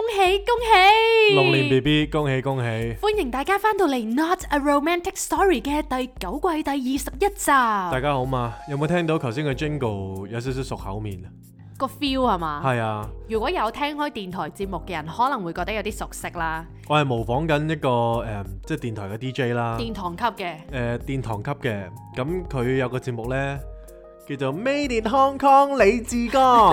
恭喜恭喜龍年 BB，恭喜恭喜！歡迎大家翻到嚟《Not A Romantic Story》嘅第九季第二十一集。大家好嘛？有冇聽到頭先嘅 Jingle 有少少熟口面啊？個 feel 係嘛？係啊！如果有聽開電台節目嘅人，可能會覺得有啲熟悉啦。我係模仿緊一個誒，即係電台嘅 DJ 啦，殿堂級嘅誒，殿堂級嘅咁，佢有個節目呢，叫做 Made in Hong Kong 李志剛，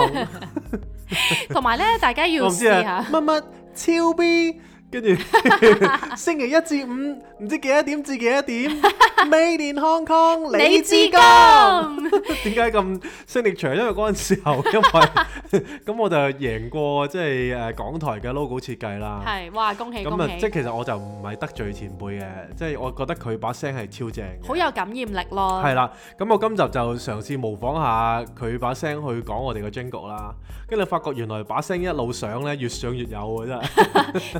同埋咧，大家要試下乜乜超 B。跟住然 星期一至五唔知幾多點至幾多點,點，每年 Hong Kong 李志剛，點解咁聲力長？因為陣時候，因為咁 我就贏過即係誒港台嘅 logo 設計啦。係，哇！恭喜那恭喜喜咁啊，即係其實我就唔係得罪前輩嘅，即係 我覺得佢把聲係超正，好有感染力咯。係啦，咁我今集就嘗試模仿下佢把聲去講我哋嘅 Jingle 啦。跟住發覺原來把聲一路上咧越上越有，嘅啫 呢，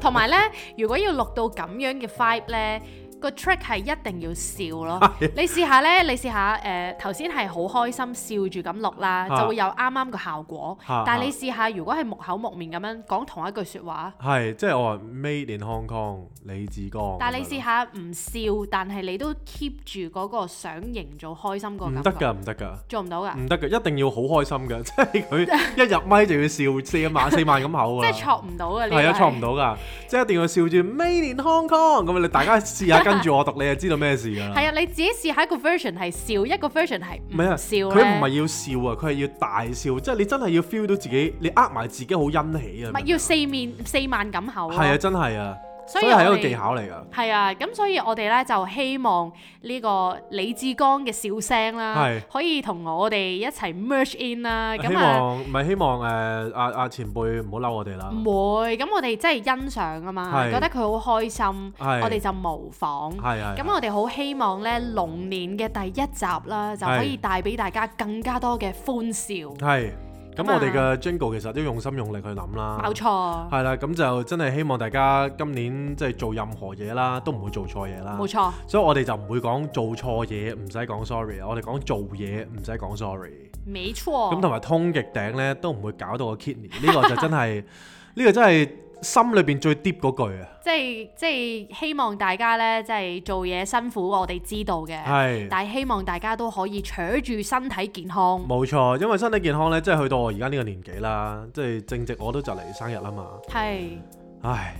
同埋咧。如果要落到咁樣嘅 five 咧，個 trick 係一定要笑咯，你試下咧，你試下誒頭先係好開心笑住咁錄啦，就會有啱啱個效果。但係你試下如果係木口木面咁樣講同一句説話，係即係我話 Made in Hong Kong 李志剛。但係你試下唔笑，但係你都 keep 住嗰個想營造開心個感覺。唔得㗎，唔得㗎，做唔到㗎，唔得㗎，一定要好開心㗎，即係佢一入咪就要笑四萬四萬咁口㗎。即係錯唔到㗎，係啊錯唔到㗎，即係一定要笑住 Made in Hong Kong 咁啊！你大家試下。跟住我讀，你就知道咩事㗎？係啊，你自己試下一個 version 係笑，一個 version 係唔係啊笑？佢唔係要笑啊，佢係要大笑，即係你真係要 feel 到自己，你呃埋自己好欣喜啊！唔係要四面四萬咁口啊！係啊，真係啊！所以係一個技巧嚟噶，係啊，咁所以我哋咧就希望呢個李志剛嘅笑聲啦，是可以同我哋一齊 merge in 啦。咁希望，咪、啊、希望誒，阿、呃、阿、啊啊、前輩唔好嬲我哋啦。唔會，咁我哋真係欣賞㗎嘛，是覺得佢好開心，是我哋就模仿。係係、啊啊，咁我哋好希望咧龍年嘅第一集啦，就可以帶俾大家更加多嘅歡笑。係。咁、嗯、我哋嘅 Jingle 其實都用心用力去諗啦，冇錯。係啦，咁就真係希望大家今年即係做任何嘢啦，都唔會做錯嘢啦，冇錯。所以我哋就唔會講做錯嘢，唔使講 sorry。我哋講做嘢，唔使講 sorry。冇錯。咁同埋通極頂咧，都唔會搞到個 kidney。呢個就真係，呢 個真係。心裏邊最 deep 嗰句啊，即係即係希望大家呢，即係做嘢辛苦，我哋知道嘅。係是，但係希望大家都可以扯住身體健康。冇錯，因為身體健康呢，即係去到我而家呢個年紀啦，即係正值我都就嚟生日啦嘛。係是，唉，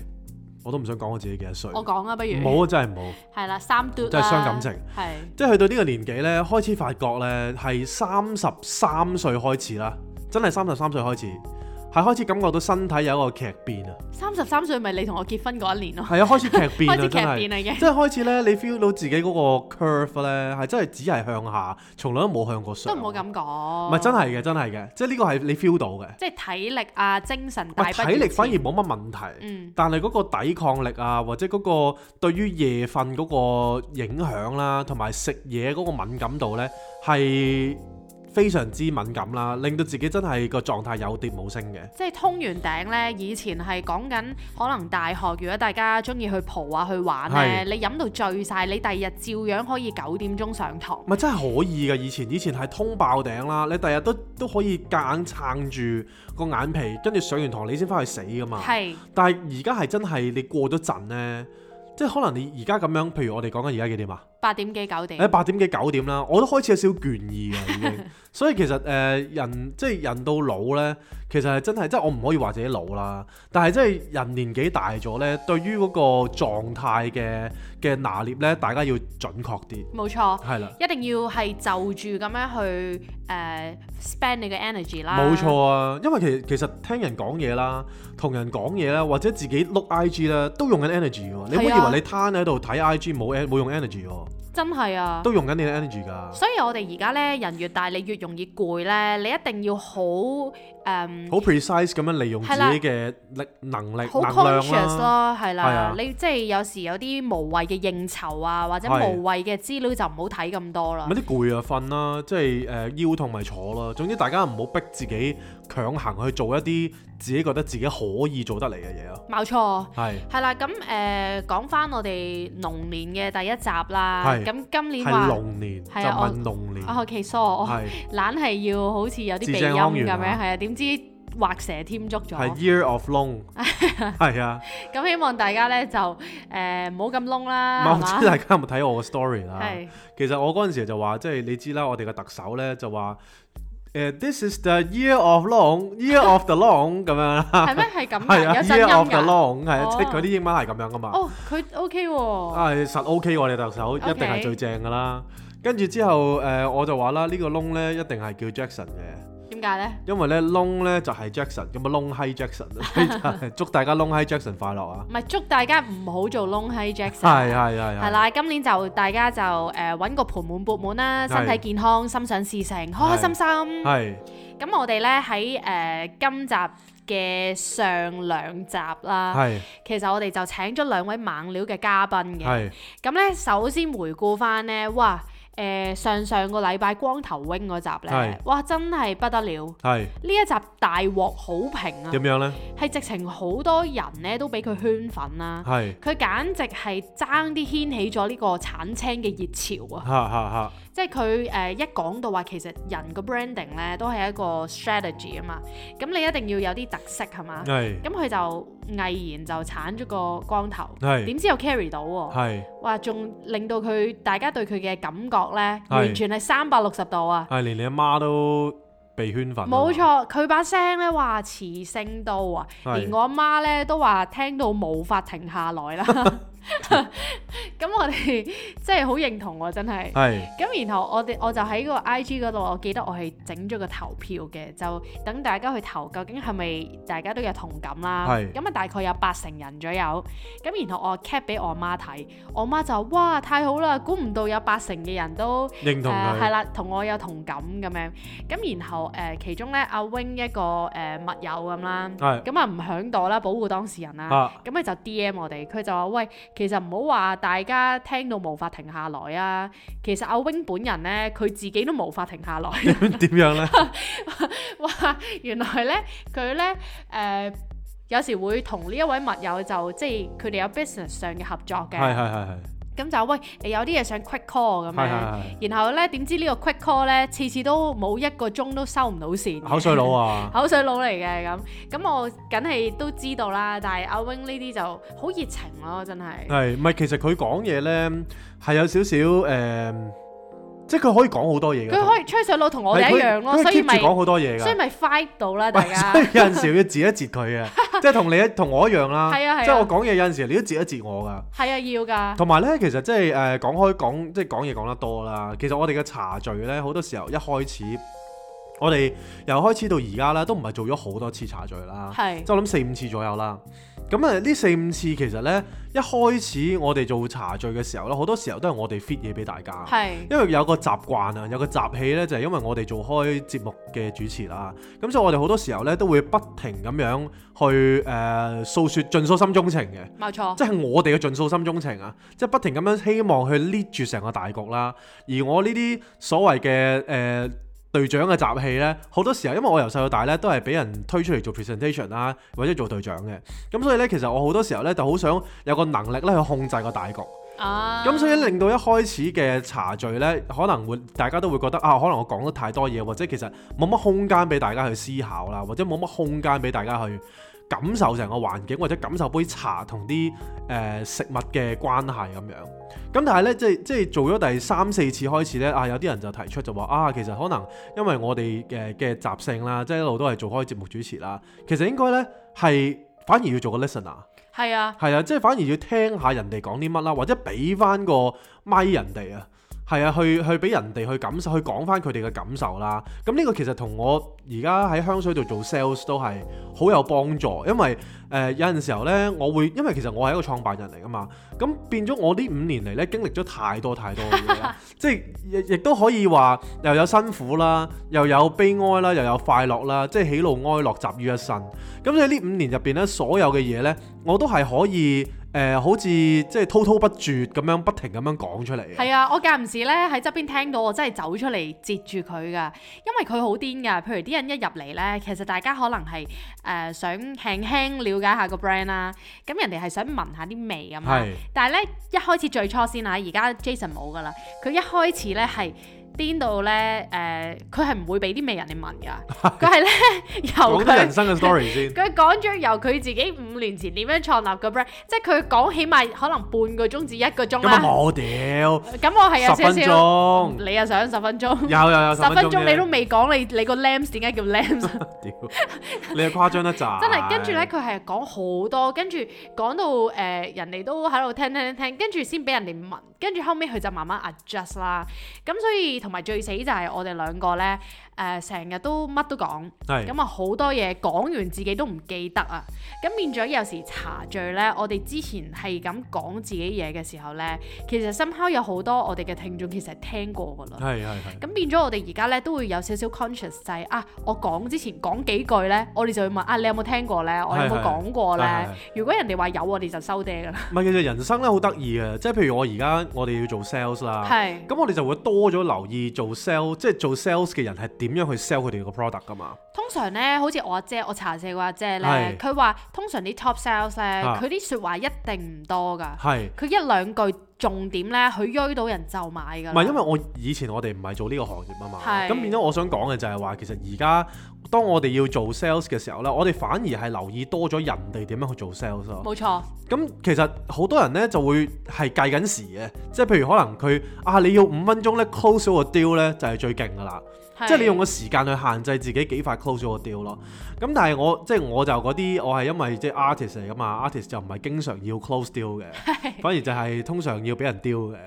我都唔想講我自己幾多歲。我講啊，不如唔好啊，真係唔好。係、嗯、啦，三 deep，即係傷感情。係是，即係去到呢個年紀呢，開始發覺呢，係三十三歲開始啦，真係三十三歲開始。係開始感覺到身體有一個劇變啊！三十三歲咪你同我結婚嗰一年咯，啊，係 啊，開始劇變啊，真係，即係開始咧的， 你 feel 到自己嗰個 curve 咧，係真係只係向下，從來都冇向過上，啊。都唔好咁講，唔係真係嘅，真係嘅，即係呢個係你 feel 到嘅。即係體力啊，精神，啊體力反而冇乜問題，嗯、但係嗰個抵抗力啊，或者嗰個對於夜瞓嗰個影響啦，啊，同埋食嘢嗰個敏感度咧，係。嗯非常之敏感啦，令到自己真係個狀態有跌冇升嘅。即係通完頂呢，以前係講緊可能大學，如果大家中意去蒲啊去玩呢，的你飲到醉晒，你第二日照樣可以九點鐘上堂。唔係真係可以㗎，以前以前係通爆頂啦，你第二日都都可以夾硬撐住個眼皮，跟住上完堂你先翻去死㗎嘛。係的，但係而家係真係你過咗陣呢，即係可能你而家咁樣，譬如我哋講緊而家幾點啊？八點幾九點？誒八點幾九點啦，我都開始有少倦意嘅，已經。 所以其實誒、呃、人即係人到老咧，其實係真係即係我唔可以話自己老啦。但係真係人年紀大咗咧，對於嗰個狀態嘅嘅拿捏咧，大家要準確啲。冇錯，係啦，一定要係就住咁樣去誒、uh, spend 你嘅 energy 啦。冇錯啊，因為其實其實聽人講嘢啦，同人講嘢啦，或者自己碌 IG 咧，都用緊 energy 嘅喎。是啊、你唔好以為你攤喺度睇 IG 冇冇用 energy 喎。真係啊，都用緊你嘅 energy 㗎。所以我哋而家咧，人越大，你越容易攰咧。你一定要好。誒，好 precise 咁樣利用自己嘅力能力好 conscious 咯。係啦，你即係有時有啲無謂嘅應酬啊，或者無謂嘅資料就唔好睇咁多啦。咁啲攰啊瞓啦，即係誒腰痛咪坐咯。總之大家唔好逼自己強行去做一啲自己覺得自己可以做得嚟嘅嘢咯。冇錯，係係啦，咁誒講翻我哋龍年嘅第一集啦，咁今年話龍年，係啊我龍年啊，其實我懶，係要好似有啲鼻音咁樣，係啊點？知畫蛇添足咗，係 year of long，係啊，咁希望大家咧就誒唔好咁 long 啦，係嘛？唔知大家有冇睇我個 story 啦？係，其實我嗰陣時就話，即係你知啦，我哋嘅特首咧就話誒，this is the year of long，year of the long 咁樣啦，係咩？係咁啊，year of the long，係啊，即係佢啲英文係咁樣噶嘛？哦，佢 OK 喎，係實 OK 喎，我哋特首一定係最正噶啦。跟住之後誒，我就話啦，呢個 long 咧一定係叫 Jackson 嘅。點解咧？為呢因為咧 long 咧就係 Jack Jackson，咁 啊 long hi Jackson 啊，祝大家 long hi Jackson 快樂啊！唔係，祝大家唔好做 long hi Jackson。係係係係啦，今年就大家就誒搵、呃、個盆滿缽滿啦，身體健康，是心想事成，開開是心心。係咁是，我哋咧喺誒今集嘅上兩集啦，係是其實我哋就請咗兩位猛料嘅嘉賓嘅。咁咧是，首先回顧翻咧，哇！誒、呃、上上個禮拜光頭翁嗰集呢，是哇真係不得了！係呢是一集大獲好評啊！點樣呢？係直情好多人呢都俾佢圈粉啦、啊，係佢是簡直係爭啲掀起咗呢個橙青嘅熱潮啊！ 即係佢誒一講到話，其實人個 branding 咧都係一個 strategy 啊嘛。咁你一定要有啲特色係嘛？係。咁佢是、嗯、就毅然就鏟咗個光頭，係是。點知又 carry 到喎、啊？係是。話仲令到佢大家對佢嘅感覺咧，是完全係三百六十度啊！係，連你阿媽，媽都被圈粉。冇錯，佢把聲咧話磁性到啊，是連我阿媽咧都話聽到無法停下來啦。 咁 我哋即係好認同喎、啊，真係。係是。咁然後我哋我就喺個 I G 嗰度，我記得我係整咗個投票嘅，就等大家去投，究竟係咪大家都有同感啦？係是。咁啊大概有八成人左右。咁然後我 c a p 俾我媽睇，我媽就哇，太好啦，估唔到有八成嘅人都認同嘅，係、呃、啦，同我有同感咁樣。咁然後誒、呃、其中咧阿 Wing 一個誒密、呃、友咁啦，咁啊唔響度啦，保護當事人啦。啊。咁佢就 D M 我哋，佢就話喂，其實唔好話大家聽到無法停下來啊，其實阿 Wing 本人呢，佢自己都無法停下來。點樣呢？哇，原來呢，佢呢，誒、呃，有時會同呢一位密友就即係佢哋有 business 上嘅合作嘅。係係係。咁就喂，有啲嘢想 quick call 咁樣，係，然後咧點知呢個 quick call 咧次次都冇一個鐘都收唔到線，口水佬啊，口水佬嚟嘅咁，咁我梗係都知道啦，但係阿 Wing 呢啲就好熱情咯，真係。係，唔係其實佢講嘢咧係有少少誒。呃即係佢可以講好多嘢嘅。佢可以吹上腦同我哋一樣咯，所以咪講好多嘢㗎。所以咪 fight 到啦，大家。有陣時要截一截佢啊，即係同你一、同我一樣啦。即係、 啊啊、我講嘢有陣時，你都截一截我㗎。係啊，要㗎。同埋咧，其實即係誒講開講，即係講嘢講得多啦。其實我哋嘅茶聚咧，好多時候一開始，我哋由開始到而家咧，都唔係做咗好多次茶聚啦。係是。即係諗四五次左右啦。咁啊！呢四五次其實呢，一開始我哋做茶敍嘅時候咧，好多時候都係我哋 fit 嘢俾大家，是因為有個習慣啊，有個習氣呢，就係、是、因為我哋做開節目嘅主持啦。咁所以我哋好多時候呢，都會不停咁樣去誒、呃、訴説盡訴心中情嘅，冇錯，即係我哋嘅盡訴心中情啊，即、就、係、是、不停咁樣希望去捏住成個大局啦。而我呢啲所謂嘅誒。呃隊長嘅集氣呢，好多時候因為我由細到大呢，都係俾人推出嚟做 presentation 啦、啊，或者做隊長嘅，咁所以呢，其實我好多時候呢，就好想有個能力呢去控制個大局。咁、uh、所以令到一開始嘅茶敍呢，可能會大家都會覺得啊，可能我講得太多嘢，或者其實冇乜空間俾大家去思考啦，或者冇乜空間俾大家去，感受成個環境或者感受杯茶同啲誒食物嘅關係咁樣，咁但係呢，即係即係做咗第三四次開始呢，啊有啲人就提出就話啊其實可能因為我哋嘅嘅習性啦，即係一路都係做開節目主持啦，其實應該呢，係反而要做個 listener，係啊，係啊，即係反而要聽下人哋講啲乜啦，或者俾翻個咪，咪人哋啊。係啊，去去俾人哋去感受，去講翻佢哋嘅感受啦。咁呢個其實同我而家喺香水度做 sales 都係好有幫助，因為誒、呃、有陣時候呢，我會因為其實我係一個創辦人嚟噶嘛，咁變咗我呢五年嚟呢，經歷咗太多太多嘅嘢啦， 即係亦，亦都可以話又有辛苦啦，又有悲哀啦，又有快樂啦，即係喜怒哀樂集於一身。咁所以呢五年入邊呢，所有嘅嘢呢，我都係可以。誒、呃，好似即係滔滔不絕咁樣，不停咁樣講出嚟。係啊，我間唔時咧喺側邊聽到，我真係走出嚟截住佢噶，因為佢好癲噶。譬如啲人一入嚟咧，其實大家可能係誒、呃、想輕輕了解下個 brand 啦，咁人哋係想聞下啲味咁樣。是但係咧，一開始最初先啊，而家 Jason 冇噶啦，佢一開始咧係。邊度咧？誒，佢係唔會俾啲咩人哋問㗎。佢係咧由佢人生嘅 story 先。佢講咗由佢自己五年前點樣創立個 brand，即係佢講起碼可能半個鐘至一個鐘啦。嗯、我屌！咁我係有少少。你又想十分鐘？嗯、十分鐘有有有，十分鐘，十分鐘你你。你都未講你你個 lamps 點解叫 lamps？你又誇張得咋？ 真係，跟住咧佢係講好多，跟住講到誒、呃、人哋都喺度聽聽聽，跟住先俾人哋問。跟住後尾，佢就慢慢 adjust 啦，咁所以同埋最死就係我哋兩個咧。誒成日都乜都講，咁啊好多嘢講完自己都唔記得啊。咁變咗有時茶聚咧，我哋之前係咁講自己嘢嘅時候咧，其實心口有好多我哋嘅聽眾其實聽過噶啦。係係係。咁變咗我哋而家咧都會有少少 conscious 就係啊。我講之前講幾句咧，我哋就會問啊，你有冇聽過咧？我有冇講過咧？如果人哋話有，我哋就收爹噶啦。唔係其實人生咧好得意嘅，即係譬如我而家我哋要做 sales 啦，咁我哋就會多咗留意做 sales，即係做 sales 嘅人係點。點樣去 sell 佢哋個 product 㗎嘛？通常咧，好似我阿姐，我查舍嘅阿姐咧，佢話是通常啲 top sales 咧，佢啲説話一定唔多㗎。係佢是一兩句重點咧，佢喐到人就買㗎。唔係因為我以前我哋唔係做呢個行業啊嘛，咁變咗我想講嘅就係話，其實而家。當我哋要做 sales 嘅時候呢，我哋反而係留意多咗人哋點樣去做 sales 咯。冇錯。咁其實好多人呢就會係計緊時嘅，即係譬如可能佢啊，你要五分鐘呢 close 咗個 deal 呢，就係最勁㗎喇。即係你用個時間去限制自己幾快 close 咗個 deal 咯。咁但係我即係我就嗰啲，我係因為即係 artist 嚟㗎嘛，artist 就唔係經常要 close deal 嘅，反而就係通常要俾人 deal 嘅。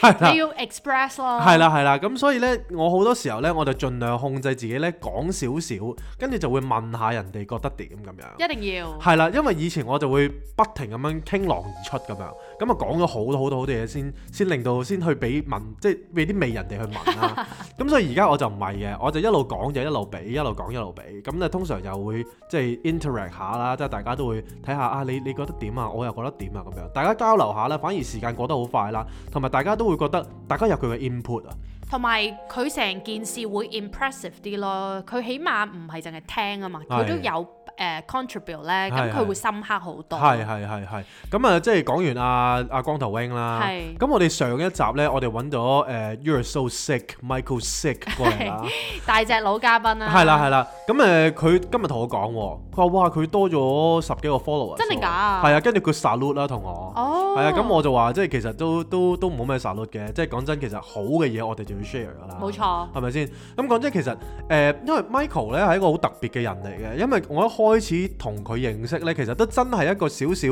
係啦。你要 express 咯。係啦係啦，咁所以呢，我好多時候呢，我就盡量控制自己呢講少少。跟住就會問下人哋覺得點，咁樣，樣。一定要。係啦，因為以前我就會不停咁樣傾囊而出咁樣，咁啊講咗好多好多好多嘢先，先令到先去俾問，即係俾啲未人哋去問啦，啊。咁 所以而家我就唔係嘅，我就一路講就一路俾，一路講一路俾。咁咧通常就會即係，就是、interact 下啦，即係大家都會睇下啊，你你覺得點啊？我又覺得點啊咁樣，大家交流下啦，反而時間過得好快啦，同埋大家都會覺得大家有佢嘅 input 啊。同埋佢成件事會 impressive 啲咯，佢起碼唔係淨係聽啊嘛，佢是都有誒 contribute 咧，咁佢會深刻好多是是是是是。係係係係，咁啊即係講完阿阿光頭 wing 啦，係是，咁我哋上一集咧，我哋揾咗誒、呃、You're So Sick、Michael Sick 過嚟啦，大隻佬嘉賓啦。係啦係啦，咁誒佢今日同我講，佢話哇佢多咗十幾個 follower。真定假？係啊，跟住佢 salute 啦同我，哦，係啊，咁我就話即係其實都都都冇咩 salute 嘅，即係講真其實好嘅嘢我哋就要，share 噶啦，冇錯，係咪先？咁講真，其實誒，因為 Michael 咧係一個好特別嘅人嚟嘅，因為我一開始同佢認識咧，其實都真係一個少少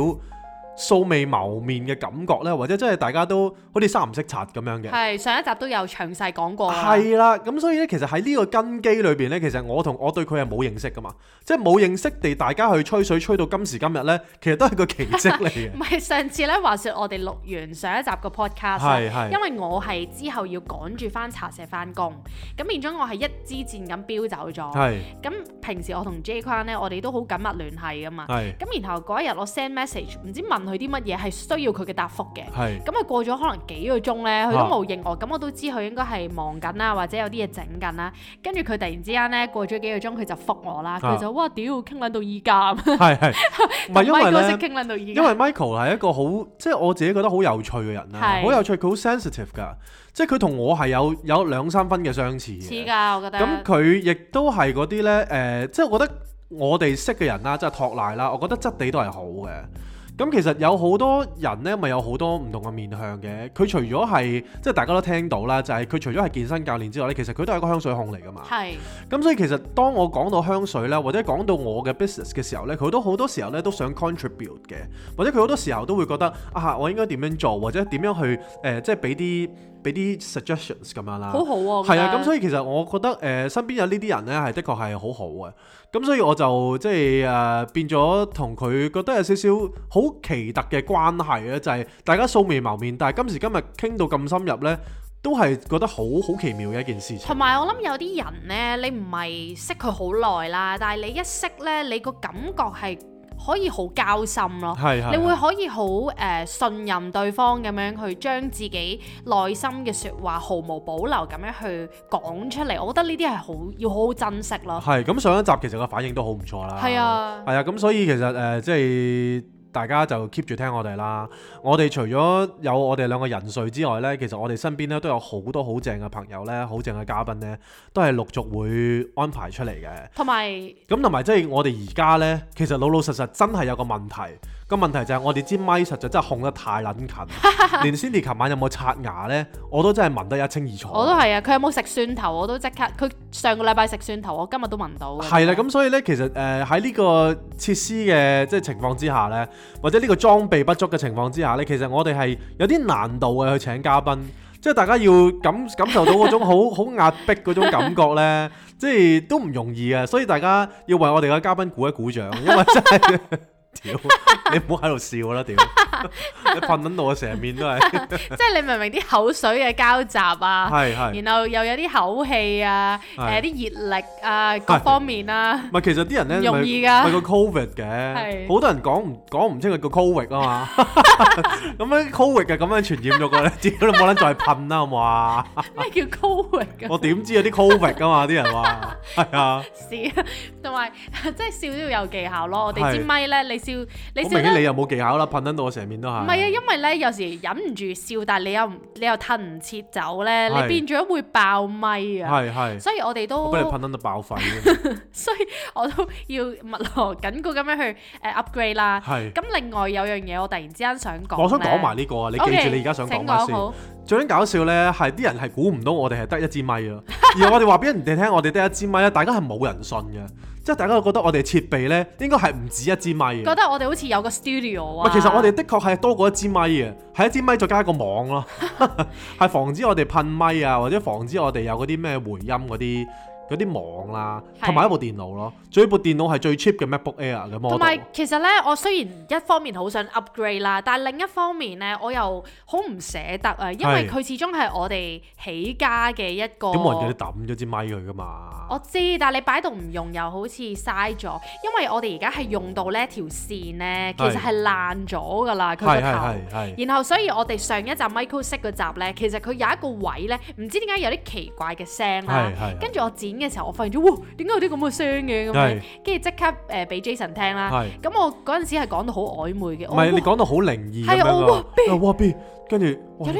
素未謀面嘅感覺咧，或者真係大家都好似三唔識七咁樣嘅。係，上一集都有詳細講過。係啦，咁所以咧，其實喺呢個根基裏邊咧，其實我同我對佢係冇認識噶嘛，即係冇認識地大家去吹水吹到今時今日咧，其實都係個奇蹟嚟嘅。唔係 上次咧話説我哋錄完上一集個 podcast，因為我係之後要趕住翻茶社翻工，咁變咗我係一支箭咁飆走咗。係的，咁平時我同 J crown 咧，我哋都好緊密聯繫噶嘛。係的，咁然後嗰一日我 send message 唔知問，佢啲乜嘢係需要佢嘅答覆嘅，咁啊是過咗可能幾個鐘咧，佢、啊、都冇應我，咁我都知佢應該係忙緊啦，或者有啲嘢整緊啦。跟住佢突然之間咧過咗幾個鐘，佢就覆我啦。佢、啊、就哇屌，傾捻到依家，係係唔係因為咧？傾到依家，因為 Michael 係一個好，即係我自己覺得好有趣嘅人啦，好是有趣，佢好 sensitive 噶，即係佢同我係有有兩三分嘅相似。似噶，我覺得咁佢亦都係嗰啲咧，誒、呃，即係我覺得我哋識嘅人啦，即係托賴啦，我覺得質地都係好嘅。咁其實有好多人咧，咪有好多唔同嘅面向嘅。佢除咗係即係大家都聽到啦，就係、是、佢除咗係健身教練之外咧，其實佢都係一個香水控嚟㗎嘛。係是。咁所以其實當我講到香水咧，或者講到我嘅 business 嘅時候咧，佢都好多時候咧都想 contribute 嘅，或者佢好多時候都會覺得啊，我應該點樣做，或者點樣去誒、呃，即係俾啲。俾啲 suggestions 咁樣啦，好好啊，係啊，咁、啊、所以其實我覺得誒、呃、身邊有呢啲人咧，係的確係好好嘅。咁所以我就即係誒、呃、變咗同佢覺得有少少好奇特嘅關係咧，就係、是、大家素未謀面，但係今時今日傾到咁深入咧，都係覺得好好奇妙嘅一件事情。同埋我諗有啲人咧，你唔係識佢好耐啦，但係你一識咧，你個感覺係。可以好交心咯，係係係，你會可以好誒、uh, 信任對方咁樣去將自己內心嘅説話毫無保留咁樣去講出嚟，我覺得呢啲係好要好好珍惜咯。係，咁上一集其實個反應都好唔錯啦。係啊，係啊，咁所以其實誒、uh, 即係。大家就 keep 住聽我哋啦。我哋除咗有我哋兩個人睡之外呢，其實我哋身邊呢都有好多好正嘅朋友呢，好正嘅嘉賓呢，都係陸續會安排出嚟嘅。同埋有，咁同埋即係我哋而家呢，其實老老實實真係有個問題。個問題就係我哋支咪實在真係控得太撚近，連 Cindy 琴 晚有冇刷牙呢？我都真係聞得一清二楚我、啊有有。我都係啊，佢有冇食蒜頭我都即刻，佢上個禮拜食蒜頭，我今日都聞到。係啦、啊，咁、嗯、吧所以呢，其實誒喺呢個設施嘅即係情況之下呢，或者呢個裝備不足嘅情況之下呢，其實我哋係有啲難度嘅去請嘉賓，即係大家要感感受到嗰種好好 壓迫嗰種感覺呢，即係都唔容易嘅，所以大家要為我哋嘅嘉賓鼓一鼓掌，因為真係。 屌，你唔好喺度笑啦！屌，你噴撚到我成面都係，即係你明唔明啲口水嘅交集啊？係係，然後又有啲口氣啊，誒啲熱力啊，各方面啊，唔係其實啲人咧，容易㗎，係個 Covid 嘅，好多人講唔講唔清佢個 Covid 啊嘛，咁樣 Covid 嘅咁樣傳染咗佢，屌你冇撚再噴啦，好冇啊？咩叫 Covid 嘅？我點知有啲 Covid 㗎嘛？啲人話係啊，笑，同埋即係笑都要有技巧咯。我哋支咪咧，你。笑，你知唔知你又冇技巧啦，噴得到我成面都係。唔係啊，因為咧有時忍唔住笑，但係你又你又吞唔切酒咧，是你變咗會爆咪啊！係係，所以我哋都，我俾你噴得到爆肺。 所以我都要密鑼緊鼓咁樣去誒 upgrade 啦。係是。咁另外有樣嘢我突然之間想講，我想講埋呢個啊，你記住你而家想講先。Okay, 最搞笑呢，係啲人係估唔到我哋係得一支咪咯，而我哋話俾人哋聽，我哋得一支咪咧，大家係冇人信嘅，即、就、係、是、大家覺得我哋設備呢應該係唔止一支咪。覺得我哋好似有個 studio 喎、啊。其實我哋的確係多過一支咪嘅，係一支咪再加一個網咯，係 防止我哋噴咪啊，或者防止我哋有嗰啲咩回音嗰啲。有啲網啦，同埋一部電腦咯。仲有一部電腦係最 cheap 嘅 MacBook Air 咁樣。同埋其實咧，我雖然一方面好想 upgrade 啦，但係另一方面咧，我又好唔捨得啊，因為佢始終係我哋起家嘅一個。點冇人叫你揼咗支咪佢㗎嘛？我知，但係你擺度唔用又好似嘥咗，因為我哋而家係用到咧條線咧，其實係爛咗㗎啦，佢個頭。係係係，然後所以，我哋上一集 Michael set 嗰集咧，其實佢有一個位咧，唔知點解有啲奇怪嘅聲啦。跟住我剪。嘅時候，我發現咗，哇，點解有啲咁嘅聲嘅？咁跟住即刻誒，俾 Jason 聽啦。咁我嗰陣時係講到好曖昧嘅，唔係你講到好靈異啊，哇，跟住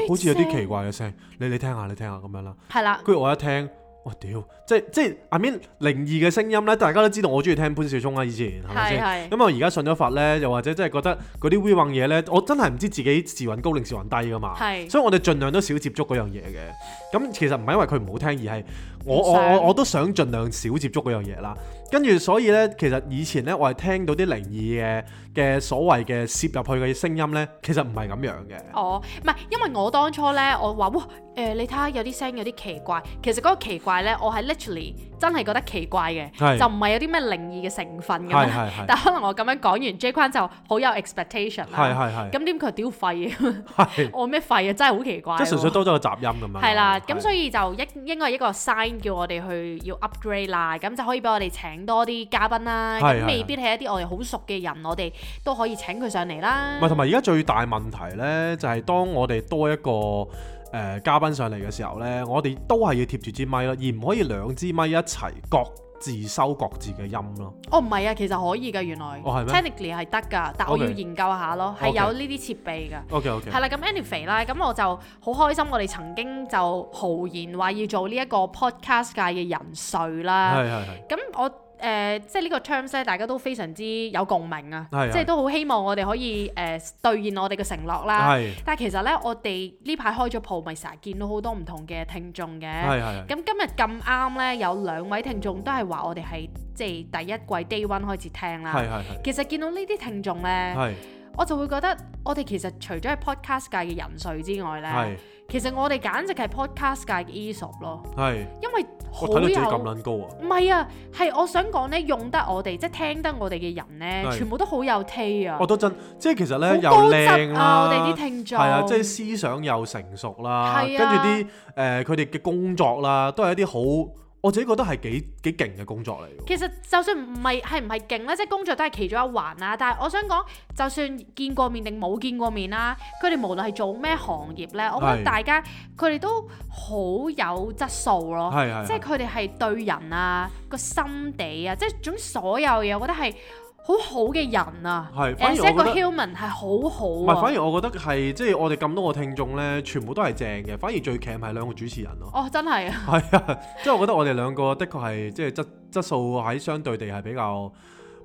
好似有啲奇怪嘅聲，你你聽下，你聽下咁樣啦。係啦，跟住我一聽。我屌，即即阿 Min 靈異嘅聲音咧，大家都知道我中意聽潘少聰啊，以前係咪先？咁是是 我而家信咗法咧，又或者即係覺得嗰啲 we 嘢咧，我真係唔知自己自揾高定自揾低噶嘛。是 所以我哋儘量都少接觸嗰樣嘢嘅。咁其實唔係因為佢唔好聽，而係我不用 我我我都想儘量少接觸嗰樣嘢啦。跟住，所以呢，其實以前呢，我係聽到啲靈異嘅嘅所謂嘅攝入去嘅聲音呢，其實唔係咁樣嘅。哦，唔係，因為我當初呢，我話哇，誒、呃，你睇下有啲聲有啲奇怪，其實嗰個奇怪呢，我係 literally。真係覺得奇怪嘅，就唔係有啲咩靈異嘅成分咁樣。但可能我咁樣講完，Jay 坤就好有 expectation 啦。係係係。咁點解佢屌廢嘅？係我咩廢啊？真係好奇怪。即係純粹多咗個雜音咁樣。係啦，咁所以就一應該係一個 sign 叫我哋去要 upgrade 啦。咁就可以俾我哋請多啲嘉賓啦。咁未必係一啲我哋好熟嘅人，我哋都可以請佢上嚟啦。唔係，同埋而家最大問題呢，就係當我哋多一個。誒、呃，嘉賓上嚟嘅時候呢，我哋都係要貼住支咪咯，而唔可以兩支咪一齊各自收各自嘅音咯。哦，唔係啊，其實可以嘅，原來。哦係咩？Technically 係得㗎，但我要研究下咯，係 Okay. 有呢啲設備㗎。OK OK。係啦，咁 Andy 肥啦，咁我就好開心，我哋曾經就豪言話要做呢一個 podcast 界嘅人睡啦。係係係。咁我。誒、呃，即係呢個 terms 咧，大家都非常之有共鳴啊！是是即係都好希望我哋可以誒兌、呃、現我哋嘅承諾啦。是是但係其實咧，我哋呢排開咗鋪，咪成日見到好多唔同嘅聽眾嘅。咁是是 今日咁啱咧，有兩位聽眾都係話我哋係即係第一季 day one 開始聽啦。是是是其實見到呢啲聽眾咧，是是我就會覺得我哋其實除咗係 podcast 界嘅人瑞之外咧。是是其實我哋簡直係 podcast 界嘅 Aesop 咯是，係因為好睇到自己咁撚高啊！唔係啊，係我想講咧，用得我哋即係聽得我哋嘅人咧，是全部都好有 talent，我都真，即係其實咧，又靚、啊、啦，我哋啲聽眾係啊，即、就、係、是、思想又成熟啦，啊、跟住啲誒佢哋嘅工作啦，都係一啲好。我自己覺得係幾幾勁嘅工作嚟嘅。其實就算唔係係唔係勁咧，即係、就是、工作都係其中一環啦。但係我想講，就算見過面定冇見過面啦，佢哋無論係做咩行業咧，我覺得大家佢哋係都好有質素咯。係係。即係佢哋係對人啊個係心地啊，即係總所有嘢，我覺得係。好好嘅人啊，係反而我覺個 human 係好好。唔係，反而我覺得係即係我哋咁、就是、多個聽眾咧，全部都係正嘅。反而最強係兩個主持人咯、啊。哦，真係啊，啊。係啊，即係我覺得我哋兩個的確係即係質質素喺相對地係比較。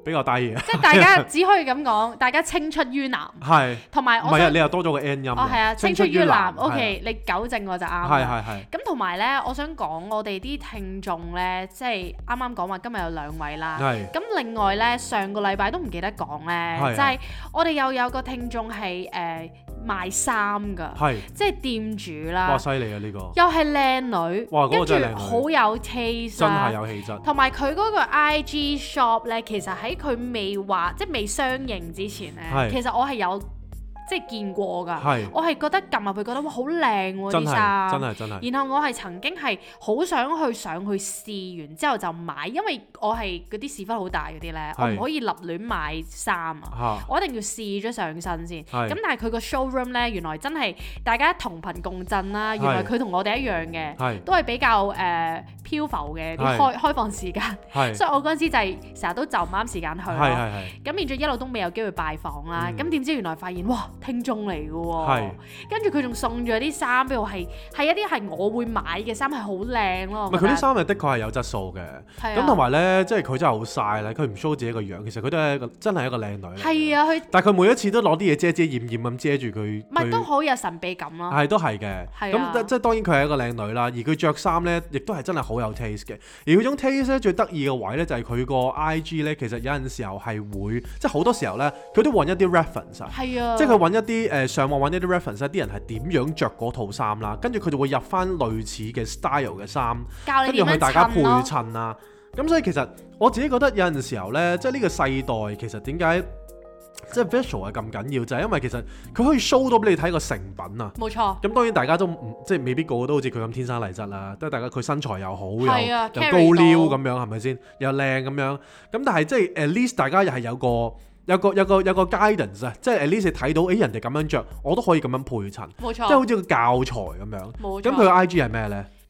比較低，即係大家只可以咁講，大家青出於藍。係，同埋我唔係啊，你又多咗個 n 音。哦，係啊，青出於藍。O K，你糾正我就啱啦。係係係。咁同埋咧，我想講我哋啲聽眾咧，即係啱啱講話今日有兩位啦。係。咁另外咧，上個禮拜都唔記得講咧，就係我哋又有個聽眾係誒，賣衫噶，係是即係店主啦，哇犀利啊呢、這個，又係靚女，跟住好有 taste，、啊、真係有氣質，同埋佢嗰個 IG shop 咧，其實喺佢未話即係未相認之前咧，是其實我係有。即係見過㗎，是我係覺得撳入去覺得哇好靚喎啲衫，真係真係真係，然後我係曾經係好想去上去試，完之後就買，因為我係嗰啲屎忽好大嗰啲咧，是我唔可以立亂買衫啊，啊我一定要試咗上身先。咁是但係佢個 showroom 咧，原來真係大家同頻共振啦、啊，原來佢同我哋一樣嘅，是都係比較誒。呃漂浮嘅啲開開放時間，所以我嗰陣時就係成日都就唔啱時間去咯。咁變咗一路都未有機會拜訪啦。咁點知原來發現哇，聽眾嚟嘅喎。跟住佢仲送咗啲衫俾我，係係一啲係我會買嘅衫，係好靚咯。唔係佢啲衫係的確係有質素嘅。咁同埋咧，即係佢真係好曬咧，佢唔 show 自己個樣，其實佢都係真係一個靚女。係啊，佢。但係佢每一次都攞啲嘢遮遮掩掩咁遮住佢。唔係都好有神秘感咯。係都係嘅。咁即係當然佢係一個靚女啦，而佢著衫咧亦都係真係好。好有 taste 嘅，而佢種 taste 咧最得意嘅位咧就係佢個 IG 咧，其實有陣時候係會，即係好多時候咧，佢都搵一啲 reference 啊，即係佢搵一啲誒、呃，上網搵一啲 reference 咧，啲人係點樣着嗰套衫啦，跟住佢就會入翻類似嘅 style 嘅衫，跟住去大家配襯啦、啊。咁、啊、所以其實我自己覺得有陣時候咧，即係呢個世代其實點解？即係 visual 係咁緊要，就係因為其實佢可以 show 到俾你睇個成品啊。冇錯。咁當然大家都唔即係未必個個都好似佢咁天生麗質啦。即係大家佢身材又好，又又、啊、高挑咁到樣，係咪先？又靚咁樣。咁但係即係 at least 大家又係有個有個有個有個 guidance 啊，即係 at least 你睇到誒、欸、人哋咁樣着，我都可以咁樣配襯。冇錯。即係好似個教材咁樣。冇錯。咁佢嘅 I G 係咩咧？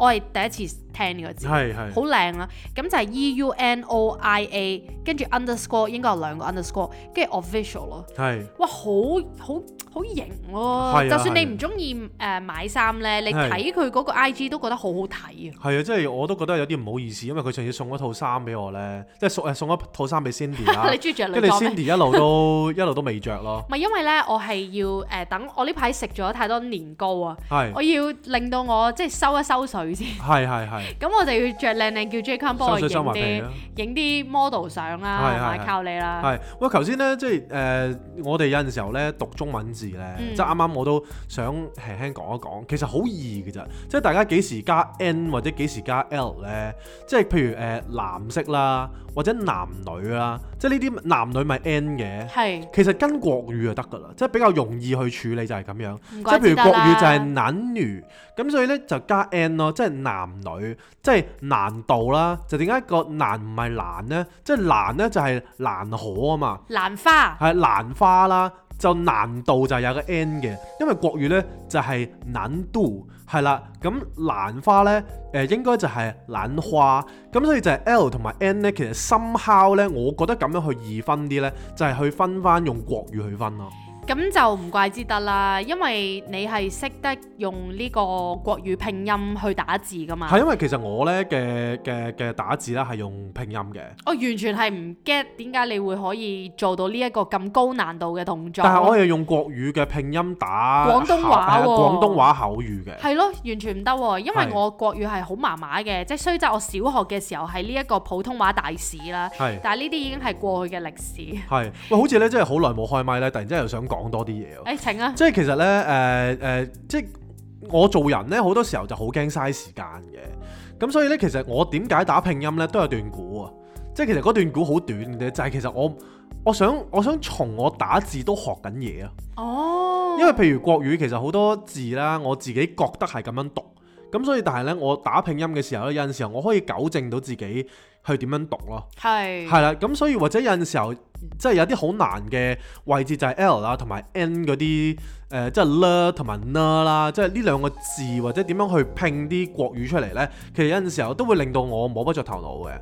我係第一次聽呢個字，係係好靚啦，咁就係 E U N O I A，跟住 underscore 應該有兩個 underscore，跟住 official 咯，係哇好好好型喎，就算你唔中意誒買衫咧，你睇佢嗰個 IG 都覺得好好睇啊，係啊，即係我都覺得有啲唔好意思，因為佢上次送咗套衫俾我咧，即係送誒送一套衫俾 Cindy 啊，你中意著女裝跟住 Cindy 一路都一路都未着咯，唔係因為咧，我係要誒等我呢排食咗太多年糕啊，我要令到我即係收一收水。係係係。咁 我哋要着靚靚，叫 Jaycon 幫我影啲影啲 model 相啦，同埋靠你啦。係，喂！頭先咧，即係誒、呃，我哋有陣時候咧讀中文字咧，嗯、即係啱啱我都想輕輕講一講，其實好易嘅咋，即係大家幾時加 n 或者幾時加 l 咧？即係譬如誒、呃、藍色啦。或者男女啦，即係呢啲男女咪 n 嘅，是其實跟國語就得噶啦，即係比較容易去處理就係咁樣，不即係譬如國語就係男女，咁所以咧就加 n 咯，即係男女，即係難度啦。就點解個難唔係難呢？即係難呢就係難可啊嘛，蘭花係蘭花啦，就難度就有個 n 嘅，因為國語呢就係難度。係啦，咁蘭花呢誒、呃、應該就係蘭花，咁所以就係 L 同埋 N 呢，其實深烤呢，我覺得咁樣去易分啲呢，就係、是、去分翻用國語去分咯。咁就唔怪之得啦，因為你係識得用呢個國語拼音去打字㗎嘛？係因為其實我咧嘅嘅嘅打字咧係用拼音嘅。我完全係唔 get 點解你會可以做到呢一個咁高難度嘅動作。但係我係用國語嘅拼音打廣東話喎、啊啊，廣東話口語嘅。係咯，完全唔得喎，因為我國語係好麻麻嘅，即係是雖則我小學嘅時候係呢一個普通話大使啦。是但係呢啲已經係過去嘅歷史。係，喂，好似咧真係好耐冇開麥啦，突然之間又想講。講多啲嘢、哎、請啊！即係其實呢，誒、呃、誒、呃，即係我做人呢，好多時候就好驚嘥時間嘅。咁所以呢，其實我點解打拼音呢？都有段古啊。即係其實嗰段古好短嘅，就係、是、其實我我想我想從我打字都學緊嘢啊。哦。因為譬如國語其實好多字啦，我自己覺得係咁樣讀，咁所以但係呢，我打拼音嘅時候咧，有陣時候我可以糾正到自己。去點樣讀咯？係係啦，咁所以或者有陣時候，即係有啲好難嘅位置就係 L 啦，同埋 N 嗰啲誒，即係 l 同埋 n 啦，即係呢兩個字或者點樣去拼啲國語出嚟呢？其實有陣時候都會令到我摸不着頭腦嘅。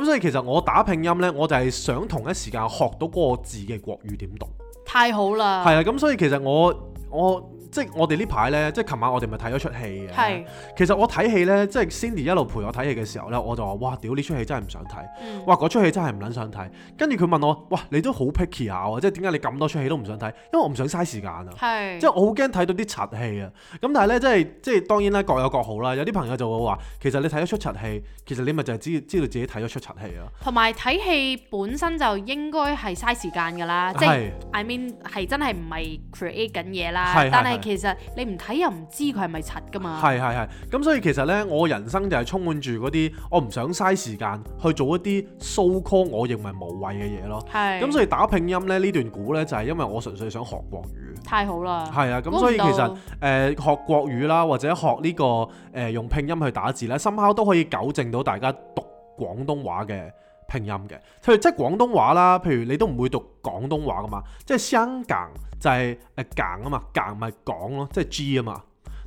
咁所以其實我打拼音呢，我就係想同一時間學到嗰個字嘅國語點讀。太好啦！係啊，咁所以其實我我。即係我哋呢排呢，即係琴晚我哋咪睇咗出戲嘅。是其實我睇戲呢，即係 Cindy 一路陪我睇戲嘅時候呢，我就話：哇，屌呢出戲真係唔想睇，嗯、哇嗰出戲真係唔撚想睇。跟住佢問我：哇，你都好 picky 啊！即係點解你咁多出戲都唔想睇？因為我唔想嘥時間啊。是即係我好驚睇到啲雜戲啊。咁但係呢，即係即係當然啦，各有各好啦。有啲朋友就會話：其實你睇咗出雜戲，其實你咪就係知知道自己睇咗出雜戲咯。同埋睇戲本身就應該係嘥時間㗎啦，是即係 I mean 係真係唔係 create 緊嘢啦，是但係是。其實你唔睇又唔知佢係咪柒噶嘛。是是是，係係係，咁所以其實呢，我人生就係充滿住嗰啲我唔想嘥時間去做一啲 so call 我認為無謂嘅嘢咯。係是，咁所以打拼音咧呢段古呢，就係、是、因為我純粹想學國語。太好啦！係啊，咁所以其實誒、呃、學國語啦，或者學呢、這個誒、呃、用拼音去打字呢，somehow 都可以糾正到大家讀廣東話嘅拼音嘅。譬如即係廣東話啦，譬如你都唔會讀廣東話噶嘛，即係香港。就係誒講啊嘛，講咪講咯，即係 G 啊嘛。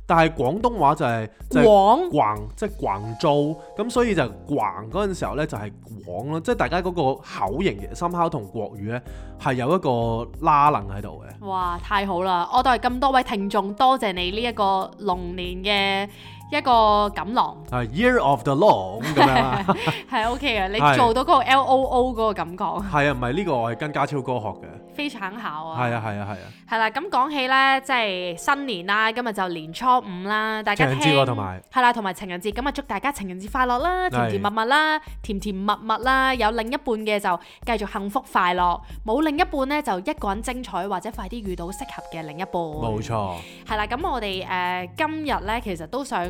但係廣東話就係、是、逛，就是、王即係逛租。咁所以就逛嗰陣時候咧，就係逛咯，即係大家嗰個口型嘅深口同國語咧係有一個拉能喺度嘅。哇！太好啦，我都係咁多位聽眾多謝你呢一個龍年嘅。一個錦囊啊，Year of the Loong 咁樣，係 OK 嘅。你做到嗰個 LOO 嗰個感覺，係啊，唔係呢個我係跟家超哥學嘅，非常巧啊。係啊，係啊，係啊。係啦，咁講起咧，即係新年啦，今日就年初五啦，大家聽，係啦，同埋情人節，咁咪祝大家情人節快樂啦，甜甜蜜蜜啦，甜甜蜜蜜啦，有另一半嘅就繼續幸福快樂，冇另一半咧就一個人精彩，或者快啲遇到適合嘅另一半。冇錯。係啦，咁我哋誒今日咧，其實都想。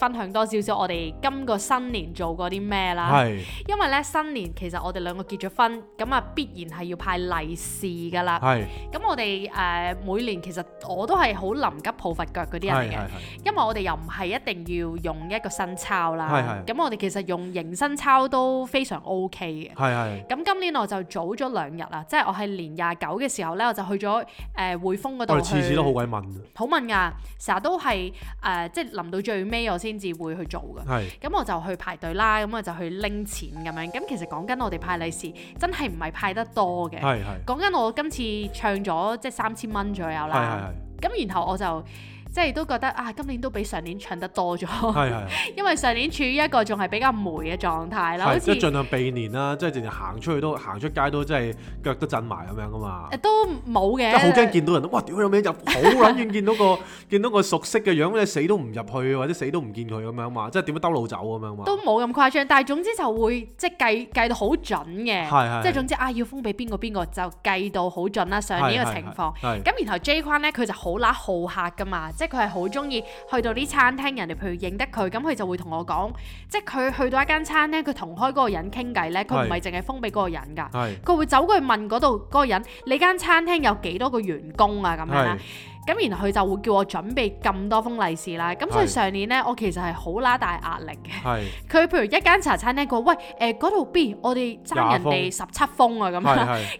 分享多少少我哋今個新年做過啲咩啦？係，因為咧新年其實我哋兩個結咗婚，咁啊必然係要派利是噶啦。係，咁我哋誒每年其實我都係好臨急抱佛腳嗰啲人嚟嘅，因為我哋又唔係一定要用一個新鈔啦。係係，咁我哋其實用迎新鈔都非常 O K 嘅。係係，咁今年我就早咗兩日啦，即係我係年廿九嘅時候咧，我就去咗誒匯豐嗰度。我哋次次都好鬼問啊，好問噶，成日都係誒，即係臨到最尾我先，先至會去做嘅，咁是、嗯、我就去排隊啦，咁、嗯、我就去拎錢咁樣，咁、嗯、其實講緊我哋派利是，真係唔係派得多嘅，講緊是我今次唱咗即係三千蚊左右啦，咁、嗯、然後我就。即係都覺得啊，今年都比上年笑得多咗。係是是 因為上年處於一個仲係比較霉嘅狀態啦。係是，都儘像量避年啦，即係成日行出去都行出街都即係腳都震埋咁樣噶嘛。都冇嘅。即係好驚見到人，哇！屌有咩入？好撚遠，遠見到個 見到個熟悉嘅樣，你死都唔入去，或者死都唔見佢咁樣嘛。即係點樣兜路走咁樣嘛。都冇咁誇張，但係總之就會即係計計到好準嘅。即係是總之啊，要封俾邊個邊個就計到好準啦。上年嘅情況。係咁然後 J 框呢，佢就好乸好客噶嘛。即係佢係好中意去到啲餐廳，人哋譬如認得佢，咁佢就會同我講，即係佢去到一間餐廳，佢同開嗰個人傾偈咧，佢唔係淨係封俾嗰個人㗎，佢是會走過去問嗰度嗰個人，你間餐廳有幾多個員工啊咁樣啦。咁然後佢就會叫我準備咁多封利是啦，咁所以上年咧是我其實係好拉大壓力嘅。佢是譬如一間茶餐廳佢話，喂誒嗰度邊我哋爭人哋十七封啊，咁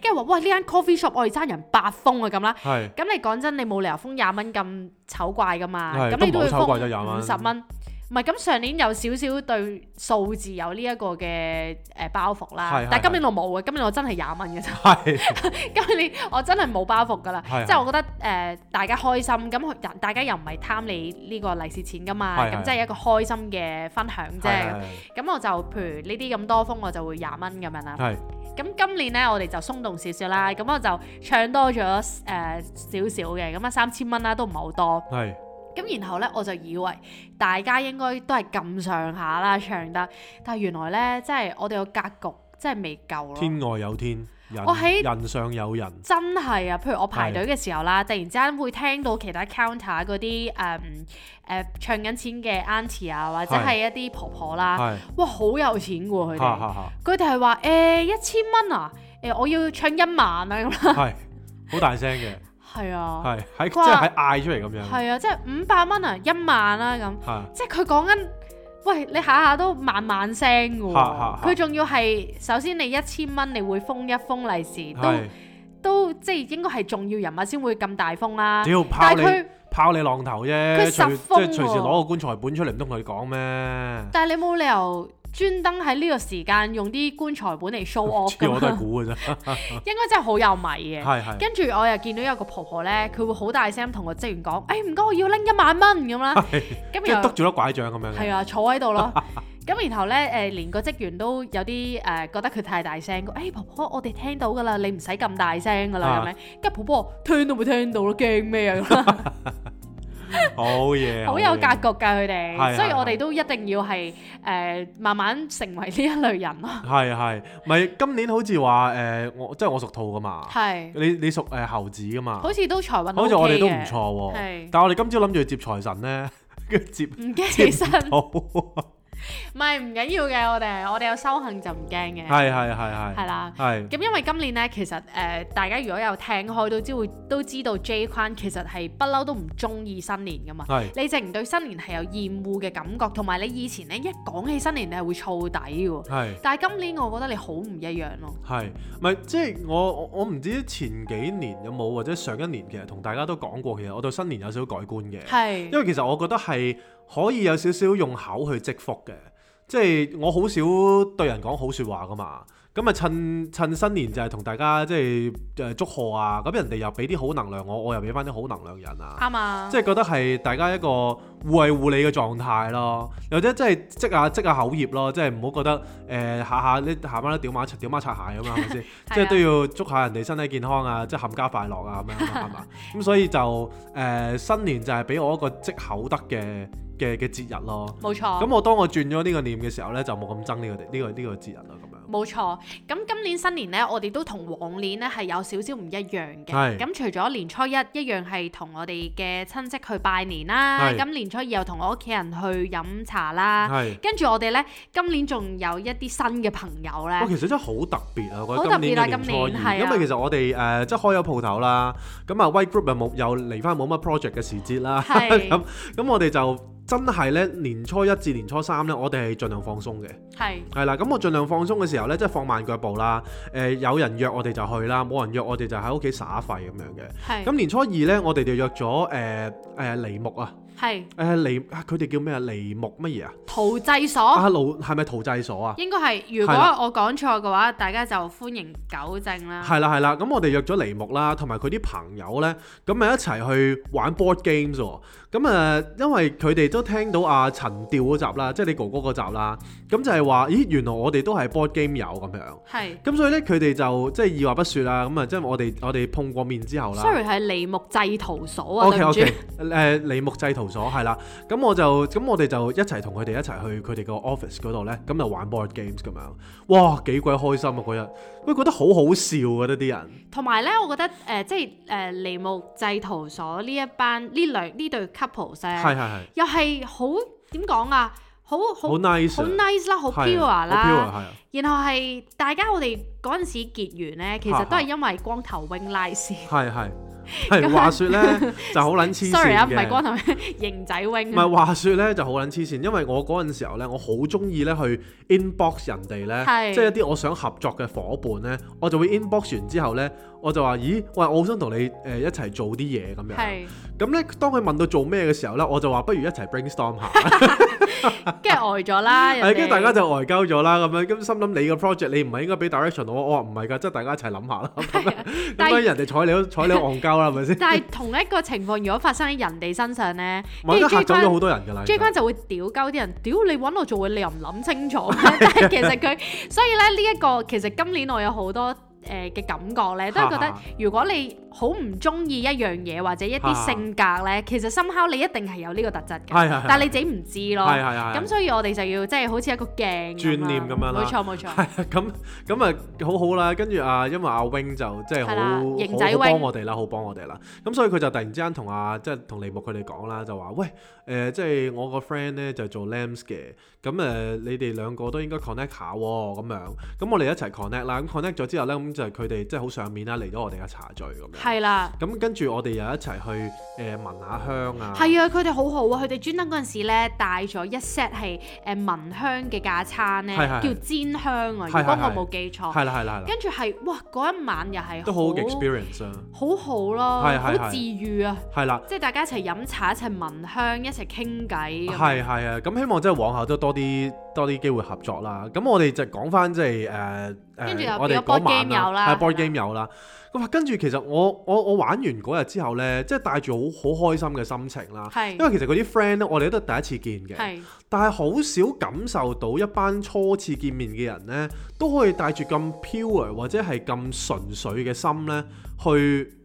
跟住話喂，呢間 coffee shop 我哋爭人八封啊咁啦。咁是你講真，你冇理由封廿蚊咁醜怪噶嘛？咁你都會封五十蚊。唔係，咁上年有少少對數字有呢一個嘅誒包袱啦，是是是但係今年我冇嘅，今年我真係廿蚊嘅啫。係，是是 今年我真係冇包袱㗎啦，即係是是 我覺得誒、呃、大家開心，咁人大家又唔係貪你呢個利是錢㗎嘛，咁即係一個開心嘅分享啫。咁是我就譬如呢啲咁多封我就會廿蚊咁樣啦。咁是是 今年咧我哋就鬆動少少啦，咁我就唱多咗誒少少嘅，咁啊三千蚊啦都唔係好多。是是咁然後咧，我就以為大家應該都係咁上下啦，唱得。但係原來咧，即係我哋個格局真係未夠咯。天外有天，人我喺在 人上有人。真係啊！譬如我排隊嘅時候啦，是突然之間會聽到其他 counter 嗰啲誒誒、嗯呃、唱緊錢嘅 aunty 啊，或者係一啲婆婆啦，是哇，好是有錢嘅喎佢哋。佢哋係話誒一千蚊啊，誒、欸啊欸、我要唱一萬啊咁啦，係好 大聲嘅。係啊，係喺即係喺嗌出嚟咁樣，係啊，即係五百蚊啊，一萬啦、啊、咁，即係佢講緊，喂，你下下都萬萬聲噶，佢仲、啊啊、要係首先你一千蚊，你會封一封利是、啊都，都都即係應該係重要人物先會咁大封啦、啊。只要但拋他佢，拋你浪頭啫，隨即隨時攞個棺材本出嚟唔同佢講咩？但係你冇理由。專登喺呢個時間用啲棺材本嚟 show off 㗎嘛， 應該真係好有米嘅。跟住 是是 我又見到有個婆婆呢，佢會好 大聲同個職員講：，誒，唔該，我要拎一萬蚊咁啦。跟的後住又篤住攞拐杖咁樣。係啊，坐喺度咯。咁 然後呢，誒、呃、連個職員都有啲誒、呃、覺得佢太大聲，誒、哎、婆婆，我哋聽到㗎啦，你唔使咁大聲㗎啦，咁樣？跟住婆婆聽都冇聽到啦，驚咩啊？ 好嘢， 好有格局噶佢哋，所以我哋都一定要係誒、呃，慢慢成為呢一類人咯。係係，咪今年好似話誒，我即係我屬兔噶嘛，係是你你屬誒猴子噶嘛，好似都財運、OK、好好似我哋都唔錯喎。的但係我哋今朝諗住接財神咧，跟住接唔接生兔。唔，係唔緊要嘅，我哋我哋有修行就唔驚嘅。係係係係係啦。係咁是，因為今年咧，其實誒、呃，大家如果有聽開都知會，都知道 Jay 坤其實係不嬲都唔中意新年噶嘛。係是你直情對新年係有厭惡嘅感覺，同埋你以前咧一講起新年你係會燥底嘅。係是。但係今年我覺得你好唔一樣咯。係，唔係即係我我唔知前幾年有冇或者上一年其實同大家都講過，其實我對新年有少少改觀嘅。係是。因為其實我覺得係。可以有少少用口去積福嘅，即係我好少對人講好説話㗎嘛，咁、嗯、啊趁趁新年就係同大家即係祝賀啊，咁人哋又俾啲好能量我，我又俾翻啲好能量人啊，吧即係覺得係大家一個互惠互利嘅狀態咯，或者即係積下積下口業咯，即係唔好覺得誒、呃、下下你下班都屌媽擦屌媽擦鞋咁樣，係咪先？ 吧即係都要祝下人哋身體健康啊，即係冚家快樂啊咁樣，係嘛？咁、 嗯、所以就誒、呃、新年就係俾我一個積口德嘅嘅嘅節日咯，冇錯。咁我當我轉咗呢個念嘅時候咧，就冇咁憎呢個呢、呢個呢、呢個節日咯，咁樣。冇錯。咁今年新年咧，我哋都同往年咧係有少少唔一樣嘅。係是。咁除咗年初一一樣係同我哋嘅親戚去拜年啦，咁是年初二又同我屋企人去飲茶啦。跟住是我哋咧，今年仲有一啲新嘅朋友咧。其實真係好特別啊！好特別啦、啊，今年係。因為、啊、其實我哋誒、呃、即係開咗鋪頭啦，咁啊 White Group 又冇又嚟翻冇乜 project 嘅時節啦。係是。咁咁 我哋就。真係咧，年初一至年初三咧，我哋係盡量放鬆嘅。係係啦，咁我盡量放鬆嘅時候咧，即係放慢腳步啦。誒，有人約我哋就去啦，冇人約我哋就喺屋企耍廢咁樣嘅。係。咁年初二咧，我哋就約咗誒誒梨木啊。係。誒梨佢哋叫咩啊？梨木乜嘢啊？陶製所。啊陶係咪陶製所啊？應該係，如果，如果我講錯嘅話，大家就歡迎糾正啦。係啦係啦，咁我哋約咗梨木啦，同埋佢啲朋友咧，咁咪一齊去玩 board games。 咁啊、嗯，因為佢哋都聽到阿、啊、陳調嗰集啦，即係你哥哥嗰集啦，咁就係話，咦，原來我哋都係 board game 友咁樣。係是。咁、嗯、所以咧，佢哋就即係二話不說啦，咁、嗯、啊，即係我哋我哋碰過面之後啦。Sorry，係梨木製圖所啊，OK OK。誒，梨木製圖所係啦，咁我就咁我哋就一齊同佢哋一齊去佢哋個 office 嗰度咧，咁、嗯、就玩 board games 咁樣，哇，幾鬼開心啊嗰日！我覺得好好笑啊，咧啲人，同埋咧，我覺得誒，即係誒，眉目製圖所呢一班呢兩呢對 couple 咧，係係係，又係好點講啊，好好 nice 好 nice 啦，好 pure 啦，然後係大家我哋嗰陣時結緣咧，其實都係因為光頭 wing nice，係係。係。 話説咧， 就好撚黐線。Sorry，啊，唔係嗰同時型仔翁 wing，唔 係話説咧，就好撚黐線，因為我嗰陣時候咧，我好中意咧去 inbox 人哋咧，即係是一啲我想合作嘅伙伴咧，我就會 inbox 完之後咧。我就話：咦，喂我我好想同你誒、呃、一齊做啲嘢咁樣。係是。咁咧，當佢問到做咩嘅時候咧，我就話：不如一齊 brainstorm 下。跟住 呆咗啦。跟住、哎、大家就呆交呆鳩咗啦，咁樣咁心諗你個 project 你唔係應該俾 direction 我，我話唔係㗎，即係大家一齊諗下啦。咁樣人哋睬你都睬你，戇鳩啦，係咪先？但係是同一個情況，如果發生喺人哋身上咧，an, 人多人好多人 J 關就會屌鳩啲人，屌你揾我做嘅你又唔諗清楚。啊、但係其實佢，所以咧呢一個其實今年我有好多，誒嘅感覺咧，都係覺得如果你好唔中意一樣嘢或者一啲性格咧，其實 somehow 你一定係有呢個特質嘅，但係你自己唔知咯。係係係。咁所以我哋就要即係好似一個鏡轉念咁樣。冇錯冇錯。係咁咁啊，好好啦。跟住啊，因為阿 Wing 就即係好型仔，幫我哋啦，好幫我哋啦。咁所以佢就突然之間同阿即係同黎慕佢哋講啦，就話喂誒，即係我個 friend 咧就做 Lambs 嘅，咁誒你哋兩個都應該 connect 下喎咁樣。咁我哋一齊 connect 啦。咁 connect 咗之後咧咁。就係佢哋即係好賞面啦，嚟到我哋嘅茶聚咁樣。係啦。咁跟住我哋又一齊去誒聞下香啊。係啊，佢哋好好啊，佢哋專登嗰陣時咧帶咗一 set 係誒聞香嘅架餐咧，叫煎香啊。如果我冇記錯。係啦係啦係啦。跟住係哇，嗰一晚又係都好好 experience 啊，好好咯，好治愈啊。係啦，即係大家一齊飲茶，一齊聞香，一齊傾偈。係係啊，咁希望即係往後都多啲多啲機會合作啦。咁我哋就講翻即係誒。跟住、欸、又比波 game 有啦，係 board game 有啦。咁話是的 跟住其實我我我玩完嗰日之後咧，即係帶住好好開心嘅心情啦。係，是的 因為其實嗰啲 friend 咧，我哋都係第一次見嘅。係，是的 但係好少感受到一班初次見面嘅人咧，都可以帶住咁 pure 或者係咁純粹嘅心咧去。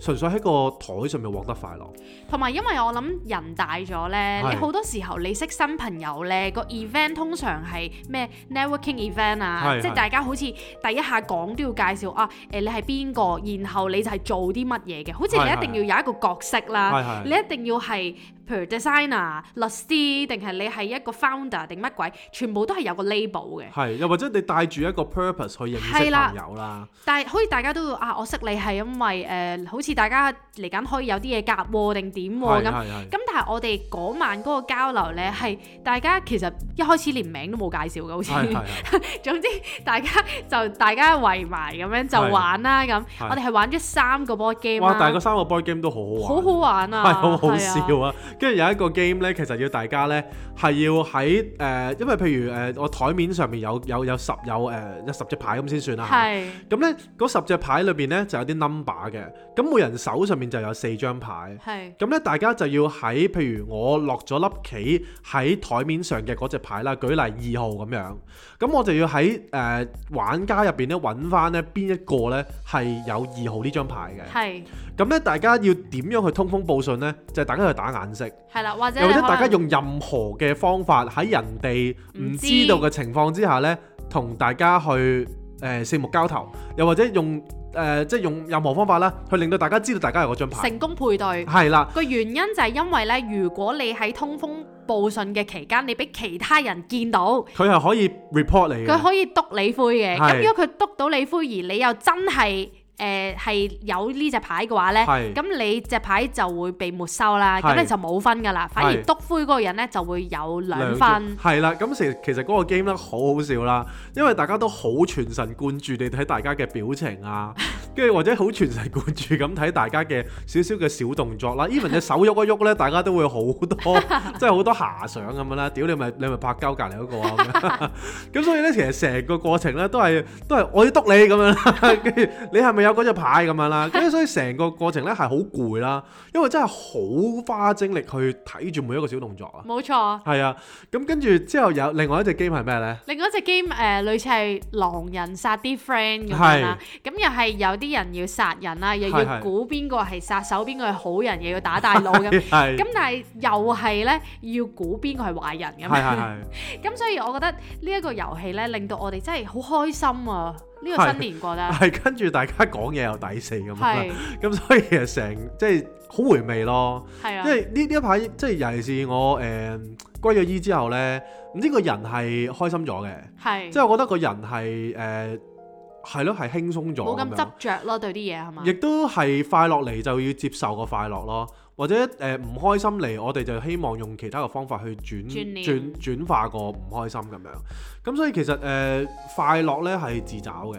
純粹喺個台上面獲得快樂，同埋因為我諗人大咗呢，是的 你好多時候你識新朋友呢、個 event 通常係咩 networking event 啊，即係是的 大家好似第一下講都要介紹啊，誒、呃、你係邊個，然後你就係做啲乜嘢嘅，好似你一定要有一個角色啦，你一定要係。譬如 designer、lawyer 定係你係一個 founder，定乜鬼，全部都係有個 label 嘅。係，又或者你帶住一個 purpose 去認識朋友啦。但係好似大家都啊，我識你係因為誒、呃，好似大家嚟緊可以有啲嘢夾定點咁。咁、啊、但係我哋嗰晚嗰個交流咧，係大家其實一開始連名都冇介紹嘅，好似。係係。 總之大家就大家圍埋咁樣就玩啦咁。的我哋係玩咗三個 board game、啊。但係嗰三個 board game 都好好玩，好好玩啊！係好好笑啊！跟住有一個 game 咧，其實要大家咧係要喺誒、呃，因為譬如誒、呃、我台面上面有有有十有誒一、呃、十隻牌咁先算啦。係咁咧十隻牌裏邊咧就有啲 number 嘅，咁每人手上面就有四張牌。係咁咧大家就要喺譬如我落咗粒棋喺台面上嘅隻牌啦，舉例二號咁樣。咁我就要喺誒、呃、玩家入邊咧揾翻咧邊一個咧係有二號呢張牌嘅。係咁咧大家要點樣去通風報信咧？就係、是、大家去打眼色。係啦，或者，或者大家用任何嘅方法喺人哋唔知道嘅情況之下呢，同大家去誒、呃、四目交投，又或者用誒、呃、即係用任何方法啦，去令到大家知道大家有嗰張牌，成功配對。係啦，個原因就係因為呢，如果你喺通風報信嘅期間，你俾其他人見到，佢係可以 report 你，佢可以督你灰嘅。咁如果佢督到你灰而你又真係。誒係、呃、有呢隻牌嘅話咧，咁是你隻牌就會被沒收啦，咁是你就冇分噶啦，反而篤灰嗰個人咧就會有兩分。係啦，咁、嗯、其其實嗰個 game 咧好好笑啦，因為大家都好全神貫注地睇大家嘅表情啊，跟住或者好全神貫注咁睇大家嘅少少嘅小動作啦，even 隻手喐一喐咧，大家都會好多，即係好多遐想咁樣啦。屌你咪你咪拍鳩隔離嗰個啊！咁、嗯 嗯、所以咧，其實成個過程咧都係都係我要篤你咁樣，跟 住你係咪？有嗰隻牌咁樣啦，跟住所以成個過程咧係好攰啦，因為真係好花精力去睇住每一個小動作啊。冇錯錯。係啊，咁跟住之後有另外一隻 game 係咩咧？另外一隻 game 誒，類似係狼人殺啲 friend 咁樣啦，咁是又係有啲人要殺人啦，又要估邊個係殺手，邊個係好人，又要打大佬咁，咁是但係又係咧要估邊個係壞人咁樣。係係。咁 所以我覺得遊戲呢一個遊戲咧，令到我哋真係好開心啊！呢個新年過得係跟住大家講嘢又抵死咁，咁是 所以其實成即係好回味咯。係啊，因為呢呢一排即係尤其是我誒歸咗醫之後咧，咁呢個人係開心咗嘅。係是，即係我覺得個人係誒係咯，係輕鬆咗，冇咁執着咯，對啲嘢係嘛。亦都係快樂嚟就要接受個快樂咯。或者誒、呃、唔開心嚟，我哋就希望用其他嘅方法去轉轉年、轉、轉化個唔開心咁樣。咁所以其實誒、呃、快樂呢係自找嘅。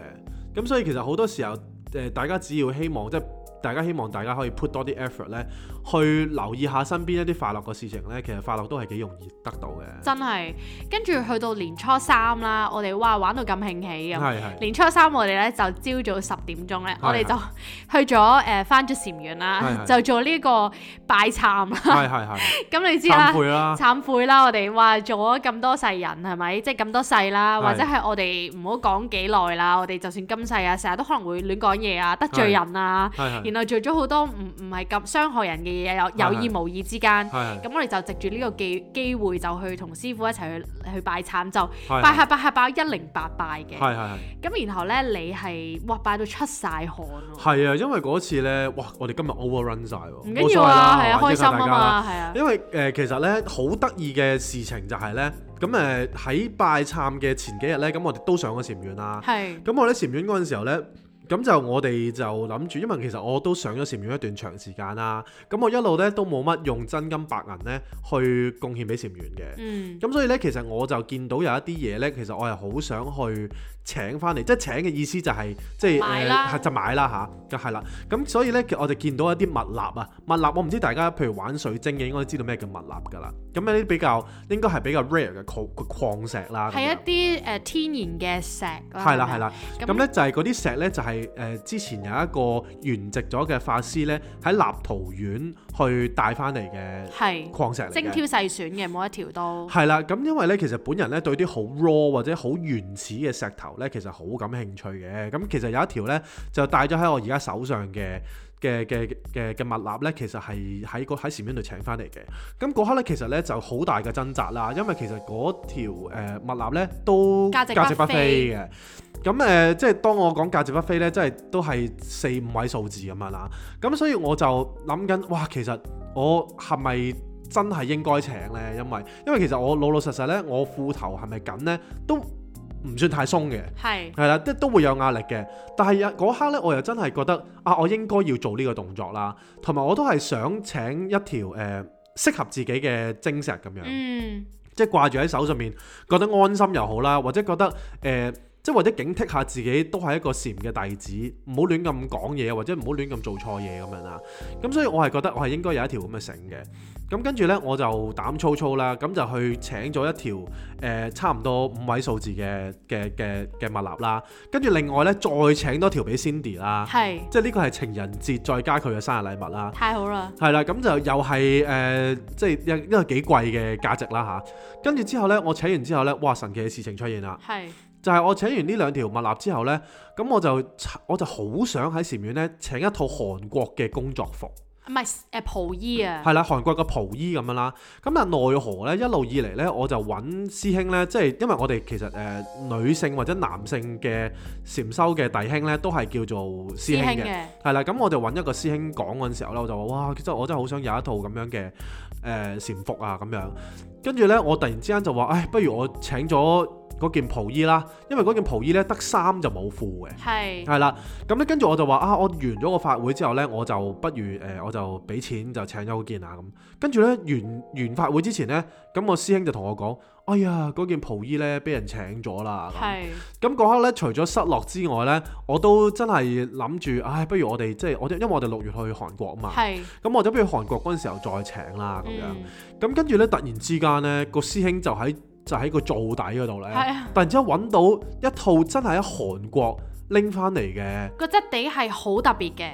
咁所以其實好多時候誒、呃、大家只要希望即係。大家希望大家可以 put 多啲 effort 咧，去留意下身邊一啲快樂嘅事情咧。其實快樂都係幾容易得到嘅。真係跟住去到年初三啦，我哋哇玩到咁興起咁。係係。年初三我哋咧就朝早十點鐘咧，我哋就去咗誒翻咗禪院啦，就做呢個拜懺啦。係係係。咁你知啦，懺悔啦，我哋哇做咗咁多世人係咪？即係咁多世啦，或者係我哋唔好講幾耐啦。我哋就算今世啊，成日都可能會亂講嘢啊，得罪人啊。係係。然後做咗好多唔唔係咁傷害人嘅嘢，有有意無意之間，咁是我哋就藉住呢個機機會就去同師傅一齊去去拜懺，就拜下拜下拜到一零八拜嘅。係。咁然後呢，你係哇拜到出晒汗喎。係啊，因為嗰次呢，哇！我哋今日 over run 曬喎。唔緊要啊，係啊，開心是 啊嘛，係啊。家的因為誒、呃、其實呢，好得意嘅事情就係、是呃、呢。咁誒喺拜懺嘅前幾日呢，咁我哋都上咗禪院啊。係。咁我咧禪院嗰陣時候呢。咁就我哋就諗住，因為其實我都上咗禪院一段長時間啦。咁我一路咧都冇乜用真金白銀咧去貢獻俾禪院嘅。咁、嗯、所以咧，其實我就見到有一啲嘢咧，其實我係好想去，請翻嚟，即係請嘅意思就係、是、即係誒了、呃，就買啦嚇，就係啦。咁所以咧，我哋見到一啲蜜蠟啊，蜜蠟我唔知大家，譬如玩水晶嘅應該都知道咩叫蜜蠟噶啦。咁有啲比較應該係比較 rare 嘅礦石啦。係一啲誒樣、呃、天然嘅石、啊。係啦係啦。咁咧了了就係嗰啲石咧就係、是、誒、呃、之前有一個原籍咗嘅法師咧喺立陶宛去帶翻嚟嘅礦石嚟精挑細選嘅，冇一條都。係啦，咁因為咧，其實本人咧對啲好 raw 或者好原始嘅石頭，咧其實好感興趣嘅，咁其實有一條咧就帶咗喺我而家手上嘅嘅嘅嘅嘅物納咧，其實係喺個喺前面度請翻嚟嘅。咁嗰刻咧，其實咧就好大嘅掙扎啦，因為其實嗰條、呃、物納咧都價值不菲嘅。咁誒，即係當我講價值不菲咧、呃，即係都係四五位數字咁樣啦。咁所以我就諗緊，哇，其實我係咪真係應該請咧？因為因為其實我老老實實咧，我褲頭係咪緊咧都？唔算太鬆嘅，係，係啦，即都會有壓力嘅。但係嗰刻呢，我又真係覺得啊，我應該要做呢個動作啦。同埋我都係想請一條誒適合自己嘅晶石咁樣，嗯、即係掛住喺手上面，覺得安心又好啦，或者覺得誒、呃，即或者警惕下自己都係一個禪嘅弟子，唔好亂咁講嘢，或者唔好亂咁做錯嘢咁樣啦。咁所以我係覺得我係應該有一條咁嘅繩嘅。咁跟住呢，我就膽粗粗啦，咁就去請咗一條誒、呃、差唔多五位數字嘅嘅嘅嘅蜜蠟啦。跟住另外呢，再請多條俾 Cindy 啦，係是，即係呢個係情人節再加佢嘅生日禮物啦。太好、呃、啦，係啦，咁就又係誒，即係因因為幾貴嘅價值啦吓，跟住之後呢，我請完之後呢，哇，神奇嘅事情出現啦，係是，就係我請完呢兩條蜜蠟之後呢，咁、嗯、我就我就好想喺禪院呢，請一套韓國嘅工作服。唔係誒袍衣啊，係啦、啊，韓國嘅袍衣咁樣啦。咁但奈何呢？一路以嚟呢，我就揾師兄呢，即係因為我哋其實誒、呃、女性或者男性嘅禪修嘅弟兄呢，都係叫做師兄嘅。係啦，咁我就揾一個師兄講嗰陣時候呢，我就話哇，其實我真係好想有一套咁樣嘅誒禪服啊咁樣。跟住呢，我突然之間就話，唉、哎，不如我請咗。嗰件袍衣啦，因為嗰件袍衣咧，得衫就冇褲嘅，係係啦，咁咧跟住我就話啊，我完咗個法會之後咧，我就不如誒、呃、我就俾錢就請咗件啊，咁，跟住咧完完法會之前咧，咁、嗯、我師兄就同我講，哎呀嗰件袍衣咧俾人請咗啦，係咁嗰刻咧除咗失落之外咧，我都真係諗住，唉不如我哋即係我因為我哋六月去韓國嘛，係咁的我就不如韓國嗰陣時候再請啦咁樣，咁跟住咧突然之間咧個師兄就喺就喺個造底嗰度咧，係呀 突然之間揾到一套真係喺韓國拎翻嚟嘅，個質地係好特別嘅。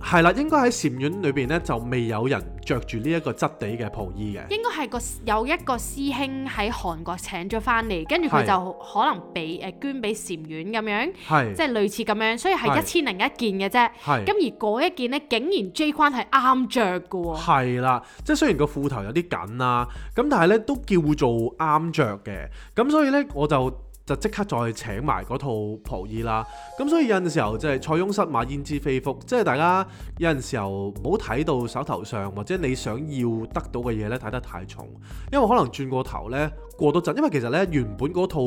係啦，應該喺禪院裏邊咧就未有人着住呢一個質地嘅袍衣嘅。應該係個有一個師兄喺韓國請咗翻嚟，跟住佢就可能俾誒是的 捐俾禪院咁樣，即係是的 類似咁樣，所以係一千零一件嘅啫。咁而嗰一件咧竟然 J 關係啱着嘅喎。係啦，即係雖然個褲頭有啲緊啦，咁但係咧都叫做啱着嘅。咁所以咧我就。就即刻再請埋嗰套袍衣啦，咁所以有陣時候就係塞翁失馬，焉知非福，即係大家有陣時候唔好睇到手頭上或者你想要得到嘅嘢呢，睇得太重，因為可能轉過頭呢，過多陣，因為其實呢，原本嗰套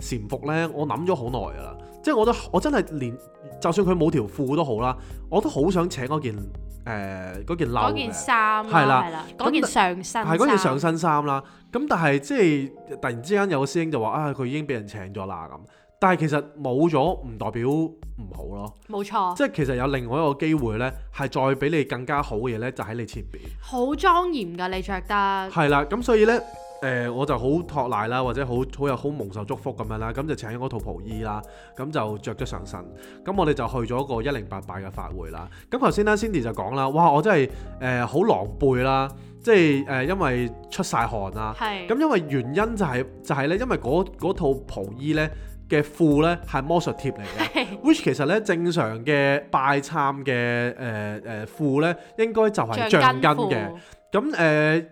禪服呢，我諗咗好耐噶啦，即係我都我真係連。就算佢冇條褲都好啦，我都好想請嗰件誒、呃、件件衫係啦，係啦，嗰件上身係件上身衫啦。咁但係即係突然之間有個師兄就話啊，佢已經俾人請咗啦咁。但係其實冇咗唔代表唔好咯。冇錯。即係其實有另外一個機會咧，係再俾你更加好嘅嘢咧，就喺你前邊。好莊嚴㗎，你着得。係啦，咁所以咧。誒、呃、我就好托賴啦，或者好好有好蒙受祝福咁樣啦，咁就請嗰套袍衣啦，咁就着咗上身，咁我哋就去咗個一零八拜嘅法會啦。咁頭先咧，Cindy 就講啦，哇，我真係誒好狼狽啦，即係誒、呃、因為出晒汗啊。係是。咁因為原因就係、是、就係呢，因為嗰套袍衣呢嘅褲呢係魔術貼嚟嘅是，which 其實呢正常嘅拜懺嘅誒誒褲呢應該就係橡筋嘅。咁誒。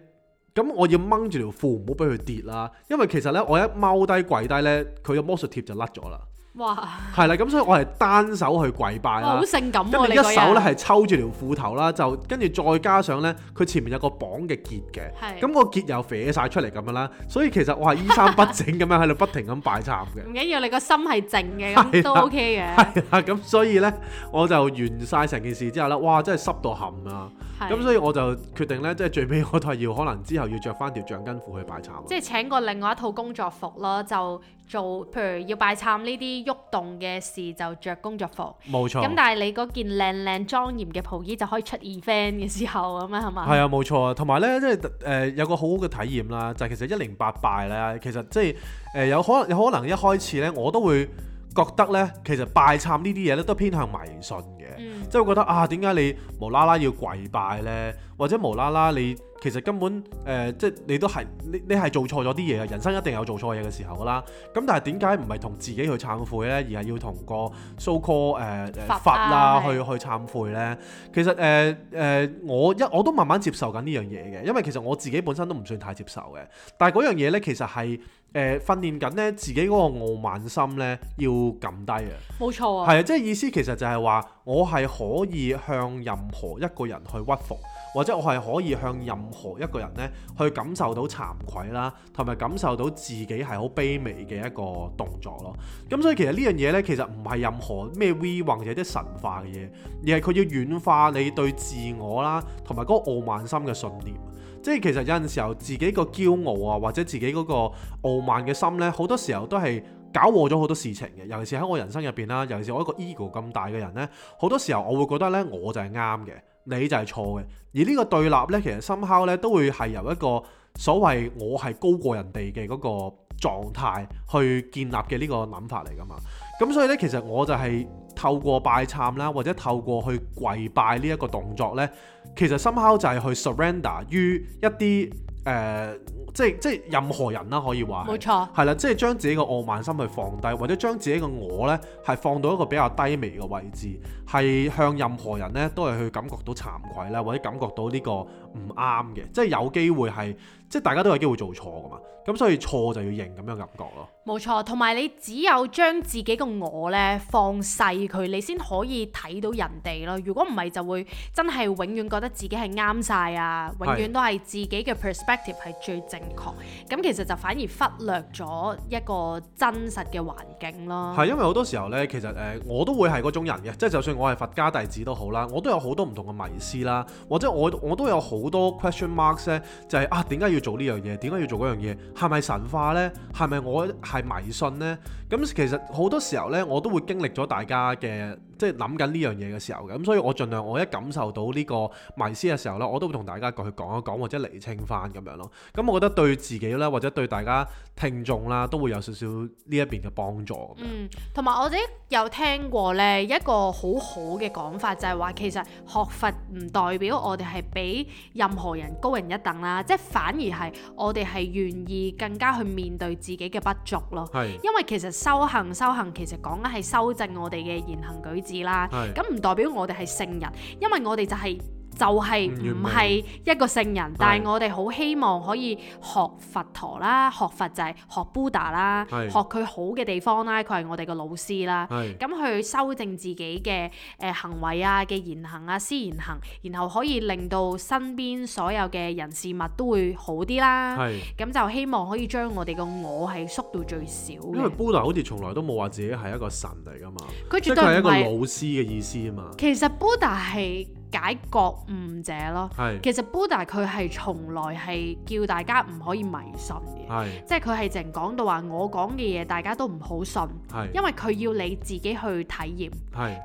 咁我要掹住條褲，唔好俾佢跌啦。因為其實呢，我一踎低、跪低呢，佢個魔術貼就甩咗啦。哇！係啦，咁所以我係單手去跪拜啦，好性感，因為、啊、一手咧係抽住條褲頭啦，人就跟住再加上咧，佢前面有個綁嘅結嘅，咁的個結又飛晒出嚟咁樣啦。所以其實我係衣衫不整咁樣喺度 不停咁拜懺嘅。唔緊要，你個心係靜嘅咁都 OK 嘅。係啦，咁所以咧，我就完晒成件事之後咧，哇，真係濕到冚啊！咁的所以我就決定咧，即係最尾我都係要可能之後要着翻條橡筋褲去拜懺。即係請過另外一套工作服咯，就。做譬如要拜懺呢啲喐動嘅事就着工作服，冇錯。咁但係你嗰件靚靚莊嚴嘅袍衣就可以出 event 嘅時候咁樣係嘛？係 嗎啊，冇錯啊。同埋咧，即係誒有個好好嘅體驗啦，就係、其實一零八拜咧，其實即係誒有可能有可能一開始咧我都會覺得咧，其實拜懺呢啲嘢咧都偏向迷信。即係我覺得啊，點解你無啦啦要跪拜呢？或者無啦啦你其實根本誒、呃，即係你都係你你係做錯咗啲嘢啊！人生一定有做錯嘢嘅時候噶啦。咁但係點解唔係同自己去懺悔呢？而係要同個蘇科誒佛啊去去懺悔呢？其實誒誒、呃呃，我一我都慢慢接受緊呢樣嘢嘅，因為其實我自己本身都唔算太接受嘅。但係嗰樣嘢呢，其實係。誒、呃、訓練緊咧，自己嗰個傲慢心咧要撳低啊！冇錯啊，係啊，即係意思其實就係話，我係可以向任何一個人去屈服，或者我係可以向任何一個人咧去感受到慚愧啦，同埋感受到自己係好卑微嘅一個動作咯。咁所以其實呢樣嘢咧，其實唔係任何咩 V 或者啲神化嘅嘢，而係佢要軟化你對自我啦同埋嗰個傲慢心嘅信念。即係其實有陣時候自己個驕傲啊，或者自己嗰個傲慢嘅心呢，好多時候都係搞錯咗好多事情嘅。尤其是喺我人生入邊啦，尤其是我一個 ego 咁大嘅人呢，好多時候我會覺得呢，我就係啱嘅，你就係錯嘅。而呢個對立呢，其實深敲呢，都會係由一個所謂我係高過人哋嘅嗰個狀態去建立嘅呢個諗法嚟㗎嘛。咁所以呢，其實我就係透過拜懺啦，或者透過去跪拜呢一個動作呢。其實心考就係去 surrender 於一啲誒、呃，即係即係任何人啦，可以話，冇錯錯，係啦，即係將自己嘅傲慢心去放低，或者將自己嘅我呢，係放到一個比較低微嘅位置，係向任何人呢，都係去感覺到慚愧啦，或者感覺到呢、呢個。唔啱嘅，即係有機會係即係大家都有機會做錯噶嘛。咁所以錯就要認，咁樣感覺咯。冇錯，同埋你只有將自己個我咧放細佢，你先可以睇到人哋咯。如果唔係就會真係永遠覺得自己係啱晒啊，永遠都係自己嘅 perspective 係最正確，咁其實就反而忽略咗一個真實嘅環境咯。係因為好多時候咧，其實誒、呃、我都會係嗰種人嘅，即係就算我係佛家弟子都好啦，我都有好多唔同嘅迷思啦，或者我我都有好。好多 question marks 咧，就係、是、啊點解要做呢樣嘢？點解要做嗰樣嘢？係咪神化咧？係咪我係迷信咧？咁、嗯、其實好多時候咧，我都會經歷咗大家嘅。即係諗緊呢樣嘢嘅時候嘅，咁所以我盡量我一感受到呢個迷思嘅時候咧，我都會同大家過去講一講或者厘清翻咁樣咯。咁我覺得對自己咧或者對大家聽眾啦都會有少少呢一邊嘅幫助。嗯，同埋我自己有聽過咧一個好好嘅講法就係話，其實學佛唔代表我哋係比任何人高人一等啦，即係反而係我哋係願意更加去面對自己嘅不足咯。係，因為其實修行修行其實講緊係修正我哋嘅言行舉止。啦，咁唔代表我哋係聖人，因為我哋就係、是，就係唔係一個聖人，味但係我哋好希望可以學佛陀啦，學佛就係學 Buddha 啦，是學佢好嘅地方啦，佢係我哋個老師啦。咁是去修正自己嘅誒行為啊、嘅言行啊、思言行，然後可以令到身邊所有嘅人事物都會好啲啦。咁是就希望可以將我哋個我係縮到最少。因為 Buddha 好似從來都冇話自己係一個神嚟噶嘛，佢絕對係一個老師嘅意思啊嘛。其實 Buddha 係。解覺悟者咯，其實 Buddha 佢係從來係叫大家唔可以迷信嘅，即係佢係淨講到話我講嘅嘢，大家都唔好信，因為佢要你自己去體驗，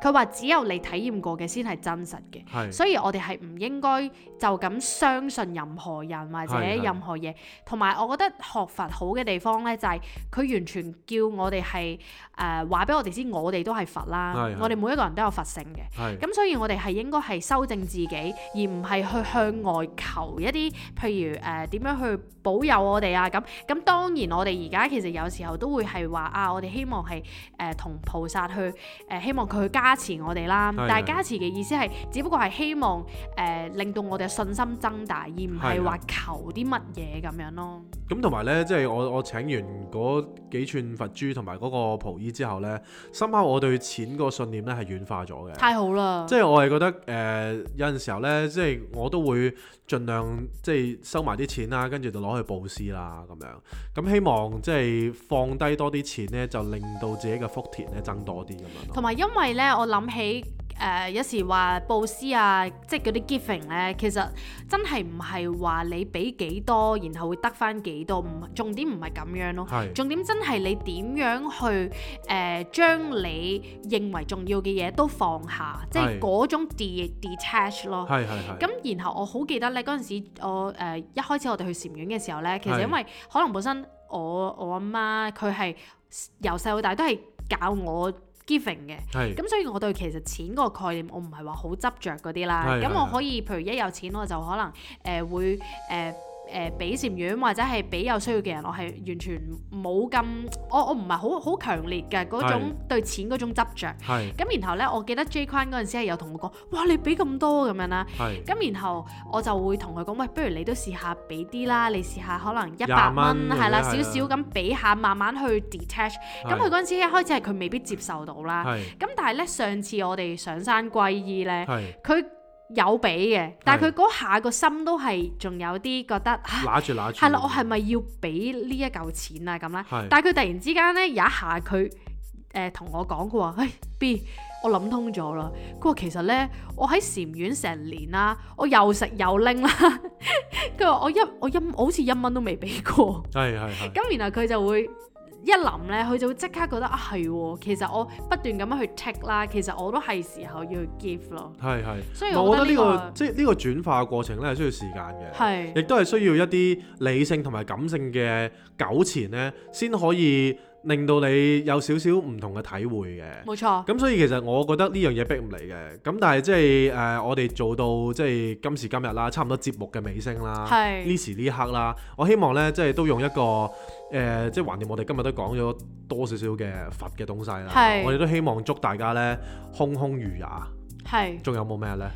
佢話只有你體驗過嘅先係真實嘅，所以我哋係唔應該就咁相信任何人或者任何嘢，同埋我覺得學佛好嘅地方咧，就係佢完全叫我哋係誒話俾我哋知，我哋都係佛啦，我哋每一個人都有佛性嘅，咁所以我哋係應該係。修正自己，而唔係去向外求一啲，譬如誒點、呃、樣去保佑我哋啊咁。咁當然我哋而家其實有時候都會係話啊，我哋希望係誒同菩薩去誒、呃、希望佢去加持我哋啦。是的 但係加持嘅意思係只不過係希望誒、呃、令到我哋信心增大，而唔係話求啲乜嘢咁樣咯。咁同埋咧，即係、就是、我我請完嗰幾串佛珠同埋嗰個蒲衣之後咧，深刻我對錢個信念咧係軟化咗嘅。太好啦！即係我係覺得誒。呃有陣時候咧，即係我都會盡量即係收埋啲錢啦，跟住就攞去佈施啦咁樣。咁希望即係放低多啲錢咧，就令到自己嘅福田咧增多啲咁樣。同埋因為咧，我諗起。誒、uh, 有時話佈施啊，即係嗰啲 giving 咧，其實真係唔係話你俾幾多，然後會得翻幾多，唔重點唔係咁樣咯。是重點真係你點樣去誒、呃、將你認為重要嘅嘢都放下，是即係嗰種 det detach 咯。係係係，咁然後我好記得咧，嗰陣時我誒、呃、一開始我哋去禪院嘅時候咧，其實因為可能本身我我阿媽佢係由細到大都係教我。Giving 嘅，咁是所以我對其實錢嗰個概念，我唔係話好執着嗰啲啦。咁的我可以，譬如一有錢我就可能誒、呃、會誒。呃誒俾禪院或者係俾有需要嘅人，我係完全冇咁，我我唔係好好強烈嘅嗰種對錢嗰種執著。咁是然後呢，我記得 J Crown 嗰陣時係有同我講，哇！你俾咁多咁樣啦，啊。咁是然後我就會同佢講，喂、哎，不如你都試下俾啲啦，你試下可能一百蚊係啦，少少咁俾下，慢慢去 detach 是。咁佢嗰陣時一開始係佢未必接受到啦。咁是但係呢，上次我哋上山歸依呢。佢是。是有俾嘅，但係佢嗰下個心都係仲有啲覺得，是唉拿住拿住，係啦，我係咪要俾呢一嚿錢啊咁咧？是但係佢突然之間咧，有一下佢誒同我講，佢話誒 B，我諗通咗啦。佢話其實咧，我喺禪院成年啦，我又食又拎啦。佢 話我一我一，我一，我好似一蚊都未俾過。係係係。咁然後佢就會。一諗呢，佢就會即刻覺得啊，係喎，其實我不斷咁樣去 take 啦，其實我都係時候要去 give 咯。係係的，所以我覺得呢、呢個即係呢個轉化過程呢，係需要時間嘅，亦都係需要一啲理性同埋感性嘅糾纏呢，先可以。令到你有少少唔同嘅體會嘅，冇錯。咁所以其實我覺得呢樣嘢逼唔嚟嘅。咁但係即係誒，我哋做到即係今時今日啦，差唔多節目嘅尾聲啦，呢是 時呢刻啦，我希望咧即係都用一個誒、呃，即係橫掂我哋今日都講咗多少少嘅佛嘅東西啦。是 我哋都希望祝大家咧空空如也。係是。仲有冇咩咧？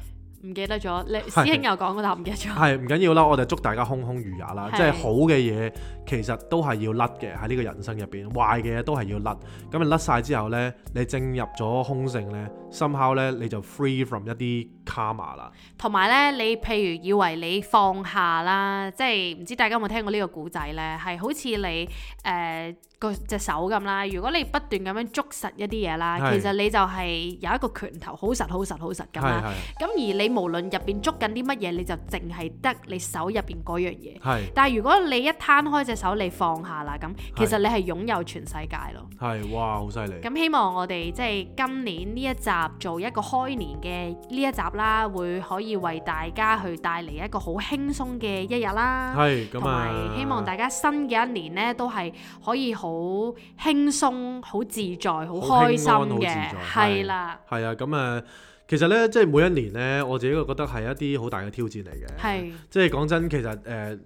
唔記得咗，師兄又講過，但唔記得咗。係唔緊要啦，我哋祝大家空空如也啦，即係是 好嘅嘢。其實都係要甩嘅，喺呢個人生入邊，壞嘅都係要甩。咁你甩曬之後咧，你進入咗空性咧，心口咧你就 free from 一啲 karma 啦。同埋咧，你譬如以為你放下啦，即係唔知大家有冇聽過呢個古仔咧，係好似你誒個隻手咁啦。如果你不斷咁樣捉實一啲嘢啦，其實你就係有一個拳頭好實好實好實咁啦。咁而你無論入邊捉緊啲乜嘢，你就淨係得你手入邊嗰樣嘢。係。但係如果你一攤開隻手嚟放下啦，咁其實你係擁有全世界咯。係哇，好犀利！咁希望我哋即係今年呢一集做一個開年嘅呢一集啦，會可以為大家去帶嚟一個好輕鬆嘅一日啦。係，同埋希望大家新嘅一年咧都係可以好輕鬆、好自在、好開心嘅，係啦。係啊，咁誒，其實咧即係每一年咧，我自己都覺得係一啲好大嘅挑戰嚟嘅。係，即係講真，其實誒。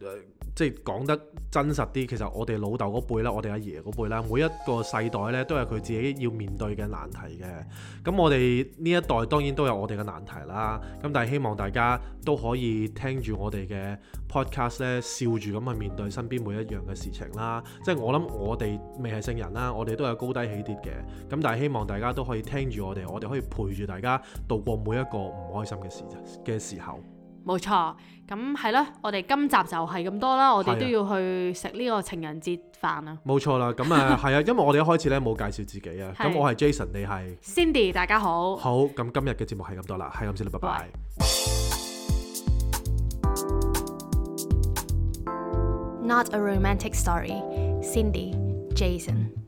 即係講得真實啲，其實我哋老豆嗰輩啦，我哋阿爺嗰輩啦，每一個世代咧都有佢自己要面對嘅難題嘅。咁我哋呢一代當然都有我哋嘅難題啦。咁但係希望大家都可以聽住我哋嘅 podcast 咧，笑住咁去面對身邊每一樣嘅事情啦。即係我諗我哋未係聖人啦，我哋都有高低起跌嘅。咁但係希望大家都可以聽住我哋，我哋可以陪住大家度過每一個唔開心嘅事嘅時候。冇錯，咁係咯，我哋今集就係咁多啦，我哋都要去食呢個情人節飯啊！冇錯啦，咁咪係啊， 因為我哋一開始咧冇介紹自己啊，咁 我係 Jason，你係 Cindy，大家好。好，咁今日嘅節目係咁多啦，係咁先啦，拜拜。Bye. Not a romantic story，Cindy，Jason。Mm.